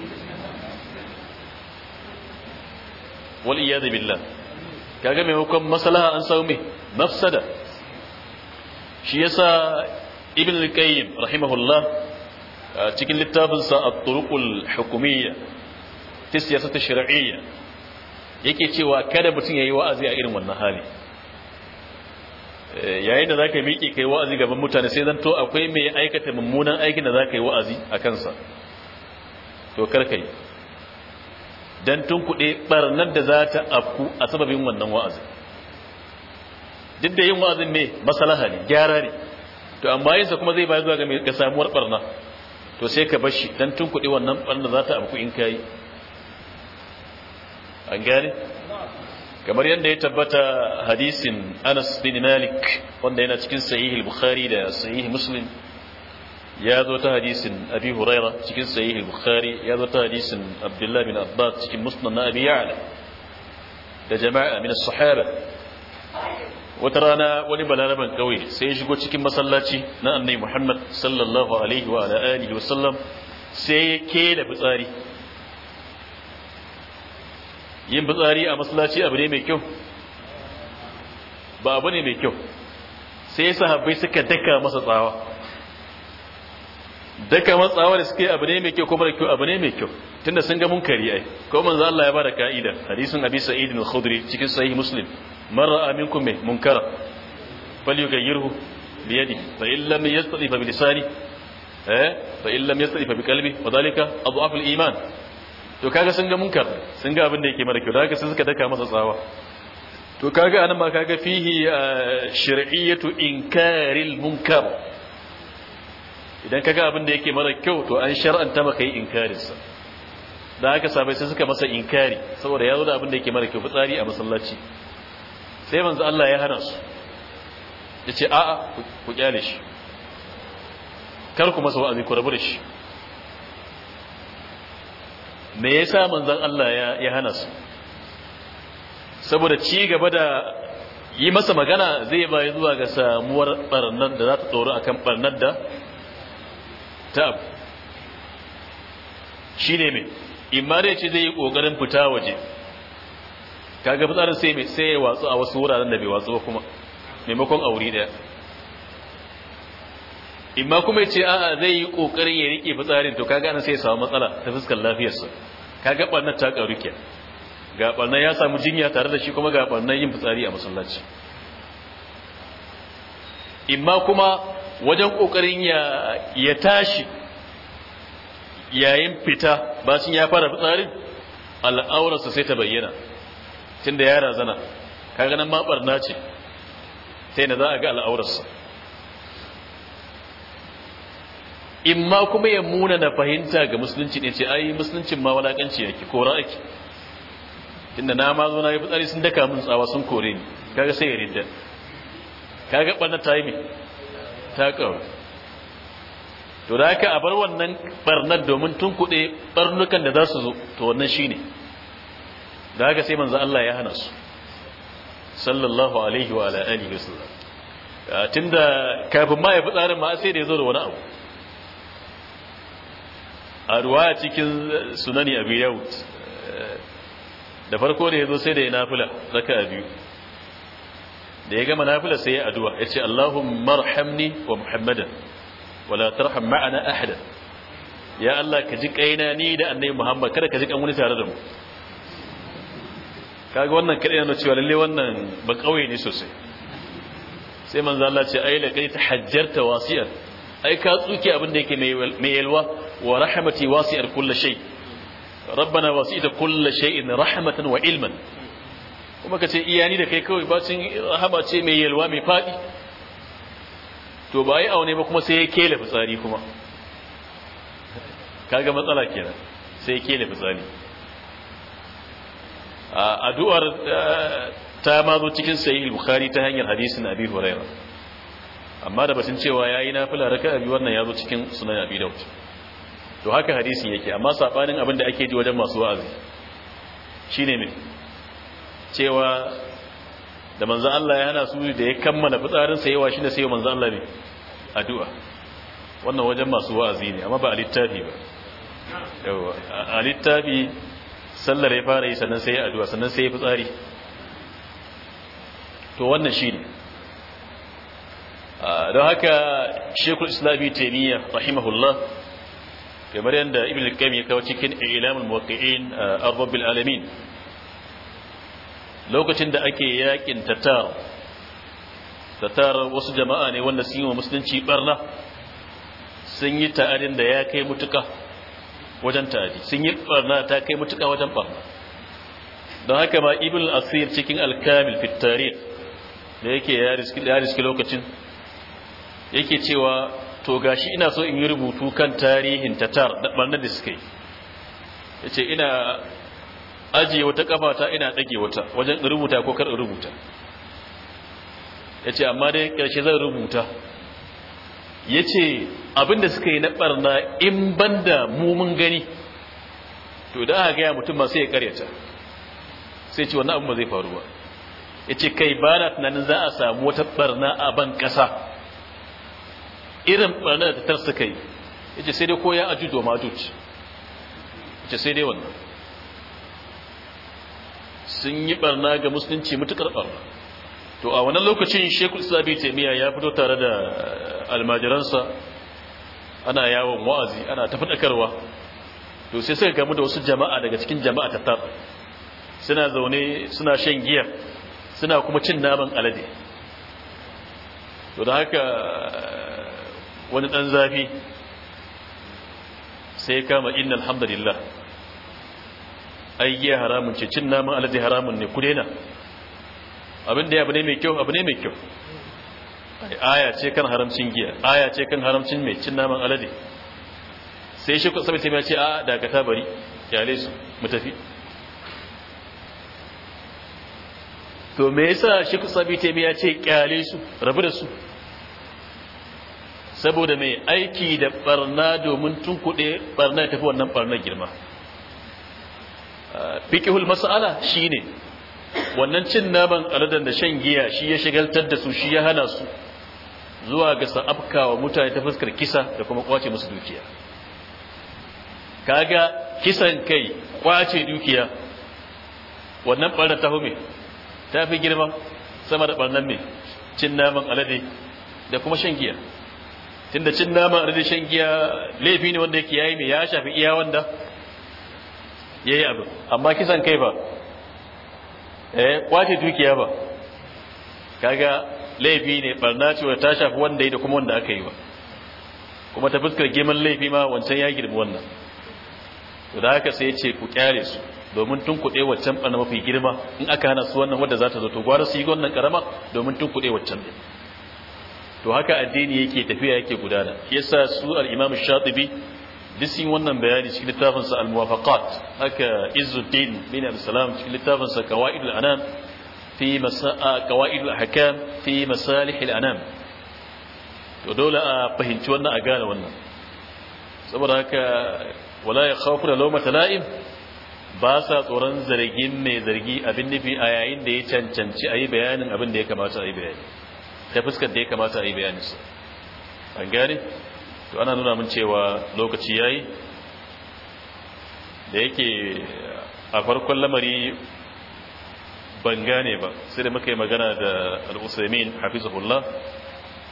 wal iyad billah kaga mai hukum maslaha an samu me mafsada shi yasa ibn al-qayyim rahimahullah cikin littafinsa at-turuqul hukumiyya tisiyasat ash shar'iyya yake cewa kada mutum ya yi wa'azi a irin wannan hali eh, yayin da za ka miƙe kai wa'azi gaban mutane sai zan to akwai mai aikata mummunan aikin da za ka yi wa'azi a kansa to karkai yi tun kuɗe ɓarnar da za ta afku a sababin wannan wa'azi duk da yin wa'azin ne masalaha ne gyara ne to amma yin sa kuma zai bayar zuwa ga samuwar ɓarna to sai ka bashi don kuɗe wannan ɓarnar za ta afku in ka yi an gane kamar yadda ya tabbata hadisin Anas bin Malik wanda yana cikin sahih al-Bukhari da sahih Muslim ya zo ta hadisin Abi Huraira cikin sahih al-Bukhari ya zo ta hadisin abdullahi bin Abbas cikin Musnad na Abi Ya'la da jama'a min as-sahaba wata rana wani balaraban kauye sai ya shigo cikin masallaci na annabi Muhammad sallallahu alaihi wa alihi wa sallam sai ya ke da fitsari yin fitsari a masallaci abu ne mai kyau ba abu ne mai kyau sai sahabbai suka daka masa tsawa daka masa tsawa da suke abu ne mai kyau kuma da kyau abu ne mai kyau tunda sun ga munkari ai ko manzo Allah ya bada ka'ida hadisin Abi Sa'id al-Khudri cikin sahih Muslim man ra'a minkum munkara falyughayyirhu bi yadihi fa in lam yastati fa bi lisani eh fa in lam yastati fa bi qalbi wa dhalika adhafu al-iman to kaga sun ga munkar sun ga abin da yake mara kyau da haka sun suka daka masa tsawa to kaga anan ma kaga fihi eh, shar'iyyatu inkaril munkar idan kaga abin da yake mara kyau to an shar'anta maka yi inkarin sa da haka sabai sun suka masa inkari saboda ya zo da abin da yake mara kyau fitsari a masallaci sai manzo Allah ya hana su yace a'a ku kyale shi kar ku masa wa'azi ku rabu da shi me sa manzan Allah ya hana su saboda ci gaba da yi masa magana zai bayi zuwa ga samuwar barnar da za ta tsoro a kan barnar da ta shi ne mai ya ce zai yi ƙoƙarin fita waje kaga fitsarin sai mai sai ya watsu a wasu wuraren da bai watsu ba kuma maimakon aure daya imma kuma ya ce a'a zai yi kokarin ya rike fitsarin to kaga nan sai ya samu matsala ta fuskar lafiyarsa kaga barnar ta karu ke ga barnar ya samu jinya tare da shi kuma ga barnar yin fitsari a masallaci imma kuma wajen kokarin ya ya tashi yayin fita bacin ya fara fitsarin al'aurarsa sai ta bayyana tunda ya razana kaga nan ma barna ce sai na za a ga al'aurarsa in ma kuma ya muna na fahimta ga musulunci ne ce ai musuluncin ma walakanci yake kora ake inda na ma zo na yi fitsari sun daka mun tsawa sun kore ni kaga sai ya ridda kaga ɓarnar ta yi ta ƙawar to da aka abar bar wannan ɓarnar domin tun kuɗe ɓarnukan da za su zo to wannan shi ne da aka sai manzan Allah ya hana su sallallahu alaihi wa ala'alihi wa tun da kafin ma ya fi tsarin ma sai da ya zo da wani abu a ruwa cikin sunani abu yau da farko da ya zo sai da ya nafula raka biyu da ya gama nafula sai ya addu'a ya ce Allahun marhamni wa muhammadan wala tarham ma'ana ahada ya Allah ka ji kaina ni da annai muhammad kada ka ji kan wani tare da mu kaga wannan kaɗai na cewa lalle wannan ba ƙauye ne sosai sai manzo Allah ce ai la kai hajjarta wasiyar ai ka tsuke abin da yake mai yalwa wa rahmati wasi'ar kullu shay rabbana wasi'ta kullu shay'in rahmatan wa ilman kuma kace iyani da kai kawai bacin rahama ce mai yalwa mai fadi to ba yi aune ba kuma sai ya kele fitsari kuma kaga matsala kenan sai ya kele fitsari addu'ar eh, ta mazo cikin sahih bukhari ta hanyar hadisin abi hurairah amma da batun cewa ya yayi nafila raka biyu wannan ya zo cikin sunan abi daud to haka hadisin yake amma sabanin abin da ake ji wajen masu wa'azi shine ne cewa da manzo Allah ya hana su da ya kammala fitsarin sa yawa shine sai manzo Allah ne addu'a wannan wajen masu wa'azi ne amma ba a littafi ba yawa a littafi sallar ya fara yi sannan sai ya addu'a sannan sai ya fitsari to wannan shine Ah, don haka shekul islami taimiyya rahimahullah kamar yadda ibn al-qayyim ya kawo cikin ilamul muwaqqi'in a ah, rabbil alamin lokacin da ake yakin tatar tatar wasu jama'a ne wanda sun yi wa musulunci barna sun yi ta'adin da ya kai mutuka wajen ta'adi sun yi barna ta kai mutuka wajen barna don haka ma ibn asir cikin al-Kamil fit tarikh da yake ya riski lokacin yake cewa to gashi ina so in yi rubutu kan tarihin tatar da ɓarnar da suka yi ya ce ina ajiye wata kafata ina ɗage wata wajen rubuta ko kar rubuta ya ce amma dai ƙarshe zan rubuta ya ce abinda suka yi na ɓarna in banda mumun gani to da aka gaya mutum masu ya karyata sai ce wannan abin ba zai faru ba ya ce kai ba na tunanin za a samu wata ɓarna a ban ƙasa irin ɓarnar da tar suka yi yace sai dai ko ya ajuju ma ajuj sai dai wannan sun yi ɓarna ga musulunci mutuƙar ɓarna to a wannan lokacin shekul islami taimiyya ya fito tare da almajiransa ana yawon wa'azi ana ta faɗakarwa to sai suka gamu da wasu jama'a daga cikin jama'a tattar suna zaune suna shan giya suna kuma cin naman alade to da haka wani ɗan zafi sai kama inna alhamdulillah ayyya haramun ce cin naman alade haramun ne ku daina abin da ya abu ne mai kyau abu ne mai kyau aya ce kan haramcin giya aya ce kan haramcin mai cin naman alade sai shi kusa mai ce a dakata bari kyale su mu tafi to me yasa shi kusa mai ce kyale su rabu da su saboda mai aiki da barna domin tun kuɗe, barna ya tafi wannan barna girma ah, fikihul shi ne. wannan cin naman aladar da shan giya shi ya shigaltar da su shi ya hana su zuwa ga wa mutane ta fuskar kisa da kuma kwace musu dukiya kaga kisan kai kwace dukiya wannan barna ta hume ta fi girma sama da barnan mai cin naman alade da kuma shan giya tunda cin nama a shan giya laifi ne wanda yake yayi mai ya shafi iya wanda ya yi abu amma kisan kai ba eh kwace dukiya ba kaga laifi ne barna ce ta shafi wanda yi da kuma wanda aka yi ba kuma ta fuskar gemar laifi ma wancan ya girbi wannan to da haka sai ya ce ku kyare su domin tun kuɗe waccan ɓana mafi girma in aka hana su wannan wadda za ta zo to gwara su yi wannan ƙarama domin tun kuɗe waccan ɗin to haka addini yake tafiya yake gudana yasa su al-imam shatibi disin wannan bayani cikin littafin sa al-muwafaqat haka izzuddin bin al-salam cikin littafin sa qawaid al-anam fi masaa qawaid al fi masalih al-anam to dole a fahimci wannan a gane wannan saboda haka wala yakhafuna lawmata la'im ba sa tsoron zargin mai zargi abin nufi a yayin da ya cancanci a yi bayanin abin da ya kamata a yi bayani ta fuskar da ya kamata a yi bayaninsa an gane to ana nuna mun cewa lokaci ya yi da yake a farkon lamari ban gane ba sai da muka yi magana da al'usaimin hafizahullah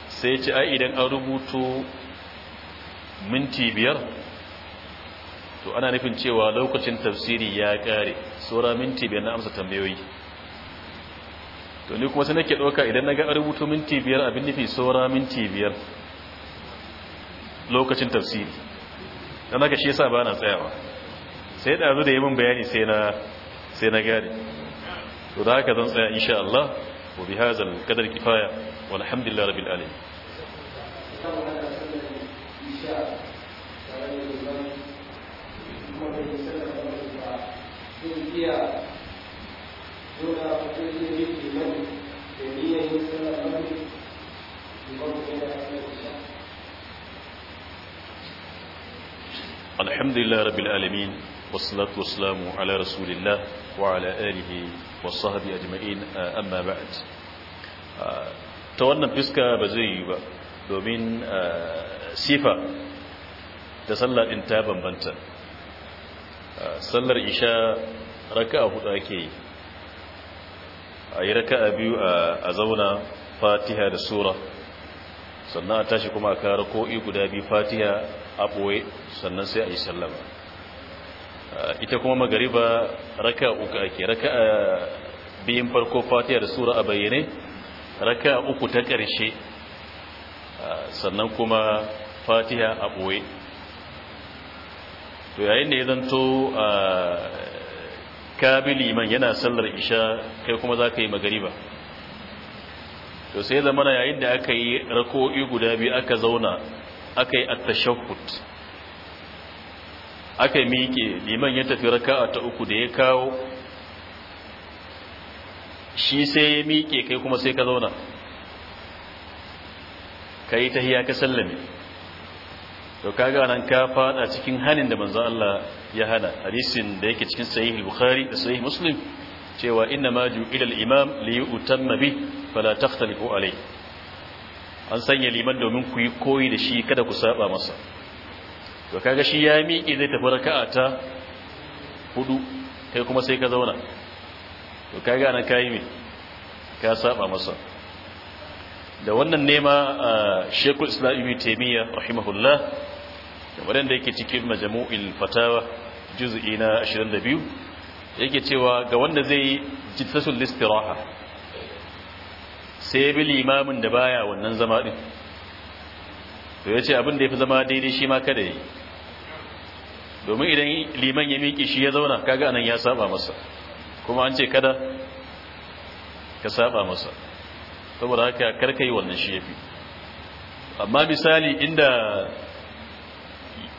sai ce ai idan an rubutu minti biyar to ana nufin cewa lokacin tafsiri ya kare saura minti biyar na amsa tambayoyi to ni kuma sai nake dauka idan naga ga rubuto minti biyar abin nufi saura minti biyar lokacin tafsiri dan haka shi yasa ba na tsayawa sai da zo da yimin bayani sai na sai na gari to da haka zan tsaya insha Allah wa bi hadzal qadar kifaya walhamdulillahi rabbil alamin Yeah. alhamdulillah rabbil alamin wassalatu wassalamu ala rasulillah wa ala alihi washabi ajma'in uh, amma ba'd uh, ta wannan fiska ba zai yi ba domin uh, sifa da sallar din ta bambanta sallar isha raka'a hudu ake yi a yi raka'a biyu a zauna fatiha da sura sannan a tashi kuma a kara ko'i guda biyu fatiha a ɓoye sannan sai a yi sallama eh, ita kuma magariba raka uku ake raka eh, biyun farko fatiha sura a bayyane raka uku ta ƙarshe eh, sannan kuma fatiha a ɓoye to yayin da ya zanto a kabili man yana sallar isha kai kuma za ka yi magariba to sai zamana yayin da aka yi rako'i guda biyu aka zauna aka yi attashahud aka yi miƙe liman ya tafi raka'a ta uku da ya kawo shi sai ya miƙe kai kuma sai ka zauna ka yi tahiya ka sallame to kaga nan ka fada cikin hanin da manzon Allah ya hana hadisin da yake cikin sahih bukhari da sahih muslim cewa inna ma ju'ila al-imam li yutamma bi fala takhtalifu alayhi an sanya liman domin ku yi koyi da shi kada ku saba masa to kaga shi ya miƙe zai tafi raka'a ta hudu kai kuma sai ka zauna to kaga nan kai me ka saba masa da wannan nema Sheikhul Islam Ibn Taymiyyah rahimahullah kamar yadda yake cikin Majmu'il Fatawa juz'i na 22 yake cewa ga wanda zai jitasul istiraha sai bi limamin da baya wannan zama din to ya ce abin da ya fi zama daidai shi ma kada yi domin idan liman ya miki shi ya zauna kaga anan ya saba masa kuma an ce kada ka saba masa saboda haka karka yi wannan shi ya fi amma misali inda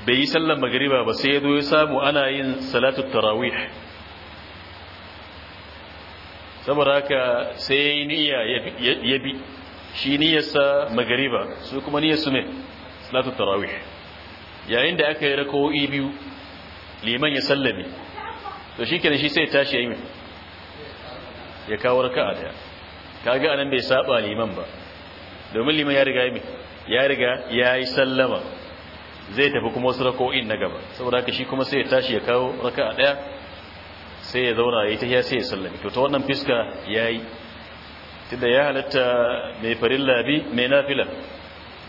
bai yi sallan magariba ba sai ya zo ya samu ana yin salatu tarawih saboda haka sai niyya ya bi shi niyyarsa magariba su kuma niyyarsu ne salatu tarawih yayin da aka yi rakawo'i biyu liman ya sallame to shi kenan shi sai tashi yayi ya kawo a daya kaga anan bai saba liman ba domin liman ya riga yi ya riga yayi sallama zai tafi kuma wasu rakawo'in na gaba saboda haka shi kuma sai ya tashi ya kawo a daya sai ya zauna ya tahiya sai ya sallami to ta wannan fiska yayi tunda ya halatta mai farin labi mai nafila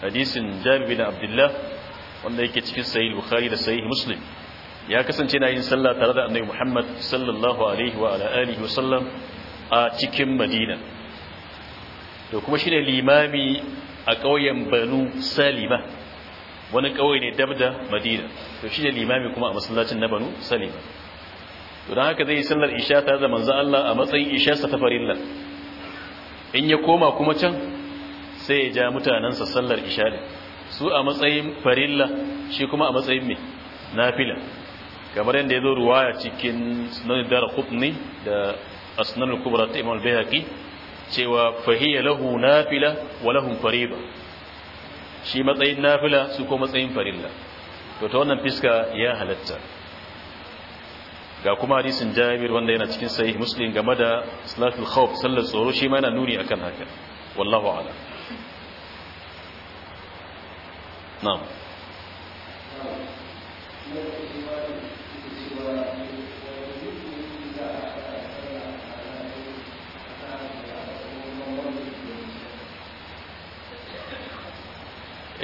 hadisin Jabir bin Abdullah wanda yake cikin sayi Bukhari da sayi Muslim ya kasance na yin sallah tare da Annabi Muhammad sallallahu alaihi wa alihi wa sallam a cikin Madina to kuma shine limami a ƙauyen Banu Salima wani ƙauye ne dabda Madina to shine limami kuma a masallacin na Banu Salima to don haka zai sallar isha tare da manzo Allah a matsayin isharsa ta farilla. in ya koma kuma can sai ya ja mutanansa sallar isha ne su a matsayin farilla shi kuma a matsayin me. nafila kamar yadda ya zo ruwaya cikin sunan dara da asnan al-kubra ta imam al-bayhaqi cewa fahiya lahu nafila wa lahum fariba shi matsayin nafila su ko matsayin farilla to ta wannan fiska ya halatta ga kuma hadisin jabir wanda yana cikin sahih muslim game da salatul khawf sallar tsoro shi ma yana nuni akan haka wallahu ala na'am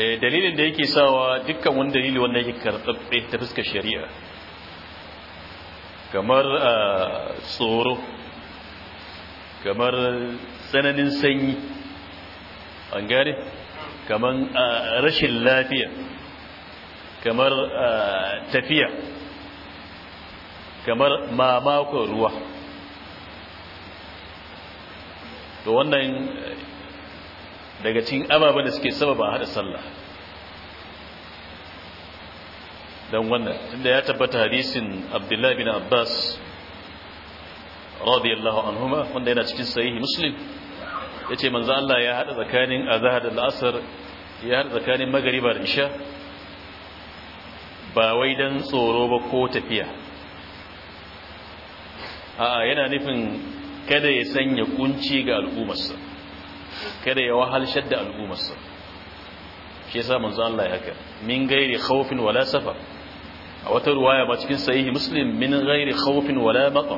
eh, dalilin da yake sawa dukkan wani dalili wanda yake karɓaɓɓe ta fuskar shari'a kamar ah, tsoro kamar tsananin sanyi an gane kamar ah, rashin lafiya kamar ah, tafiya kamar mamakon ruwa to wannan daga cikin ababen da suke sababa hada sallah dan wannan tunda ya tabbata hadisin abdullahi bin abbas radiyallahu anhuma wanda yana cikin sahihi muslim yace manzo Allah ya hada tsakanin azhar da al'asr ya hada tsakanin magriba da isha ba wai dan tsoro ba ko tafiya a'a yana nufin kada ya sanya kunci ga al'ummarsa kada ya wahalshar da al'ummarsa shi yasa manzo Allah ya haka min gairi khawfin wala safar a wata ruwaya ba cikin sahihi muslim min ghairi khawfin wala bata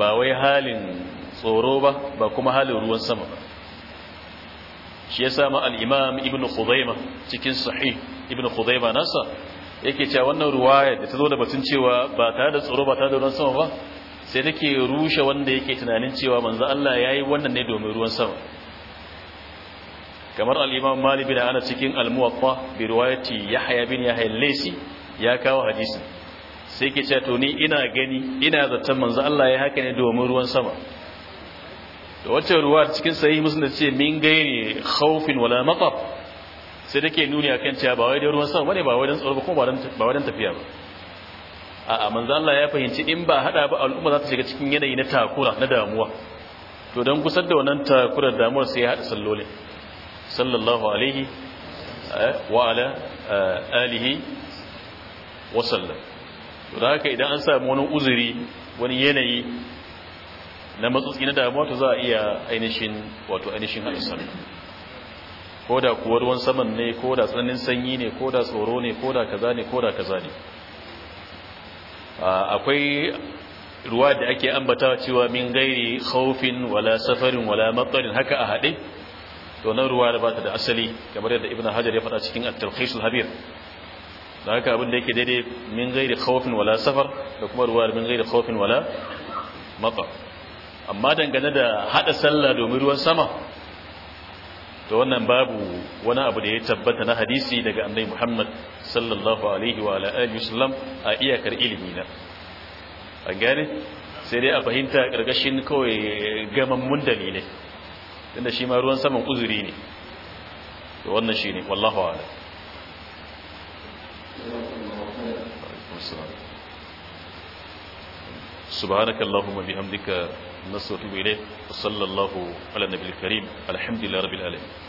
ba wai halin tsoro ba ba kuma halin ruwan sama ba shi yasa ma al ibn khuzaima cikin sahi ibn khuzaima nasa yake cewa wannan ruwaya da ta zo da batun cewa ba tare da tsoro ba tare da ruwan sama ba sai take rushe wanda yake tunanin cewa manzo Allah yayi wannan ne domin ruwan sama kamar al-imam malik ana cikin al bi riwayati yahya bin yahya al ya kawo hadisi sai ke cewa ni ina gani ina zaton manzo Allah ya haka ne domin ruwan sama da wace ruwa cikin sahihi muslim da ce min gairi khaufin wala matar sai dake nuni akan cewa ba wai da ruwan sama bane ba wai dan tsoro ba kuma ba wai dan tafiya ba a'a manzo Allah ya fahimci in ba hada ba al'umma za ta shiga cikin yanayi na takura na damuwa to don kusar da wannan takurar damuwar sai ya haɗa sallole sallallahu alaihi eh, wa ala eh, alihi wasallam to da haka idan an samu wani uzuri wani yanayi na matsatsi na damuwa to za a iya ainihin wato ainihin hada ko da kuwa ruwan saman ne ko da tsananin sanyi ne ko da tsoro ne ko da kaza ne ko da kaza ne ah, akwai ruwa da ake ambata cewa min gairi khaufin wala safarin wala matsarin haka a haɗe to nan ruwa da ba ta da asali kamar yadda ibn hajar ya faɗa cikin at-talkhis al-habir da haka abin da yake daidai min gairi khawfin wala safar da kuma ruwa min gairi khawfin wala mata amma dangane da hada sallah domin ruwan sama to wannan babu wani abu da ya tabbata na hadisi daga annabi Muhammad sallallahu alaihi wa ala alihi wasallam a iyakar ilimi na a gare sai dai a fahimta karkashin kawai gamammun dalilai tunda shi ma ruwan saman uzuri ne to wannan shine wallahu a'lam سبحانك اللهم بحمدك نصر إليك وصلى الله على النبي الكريم الحمد لله رب العالمين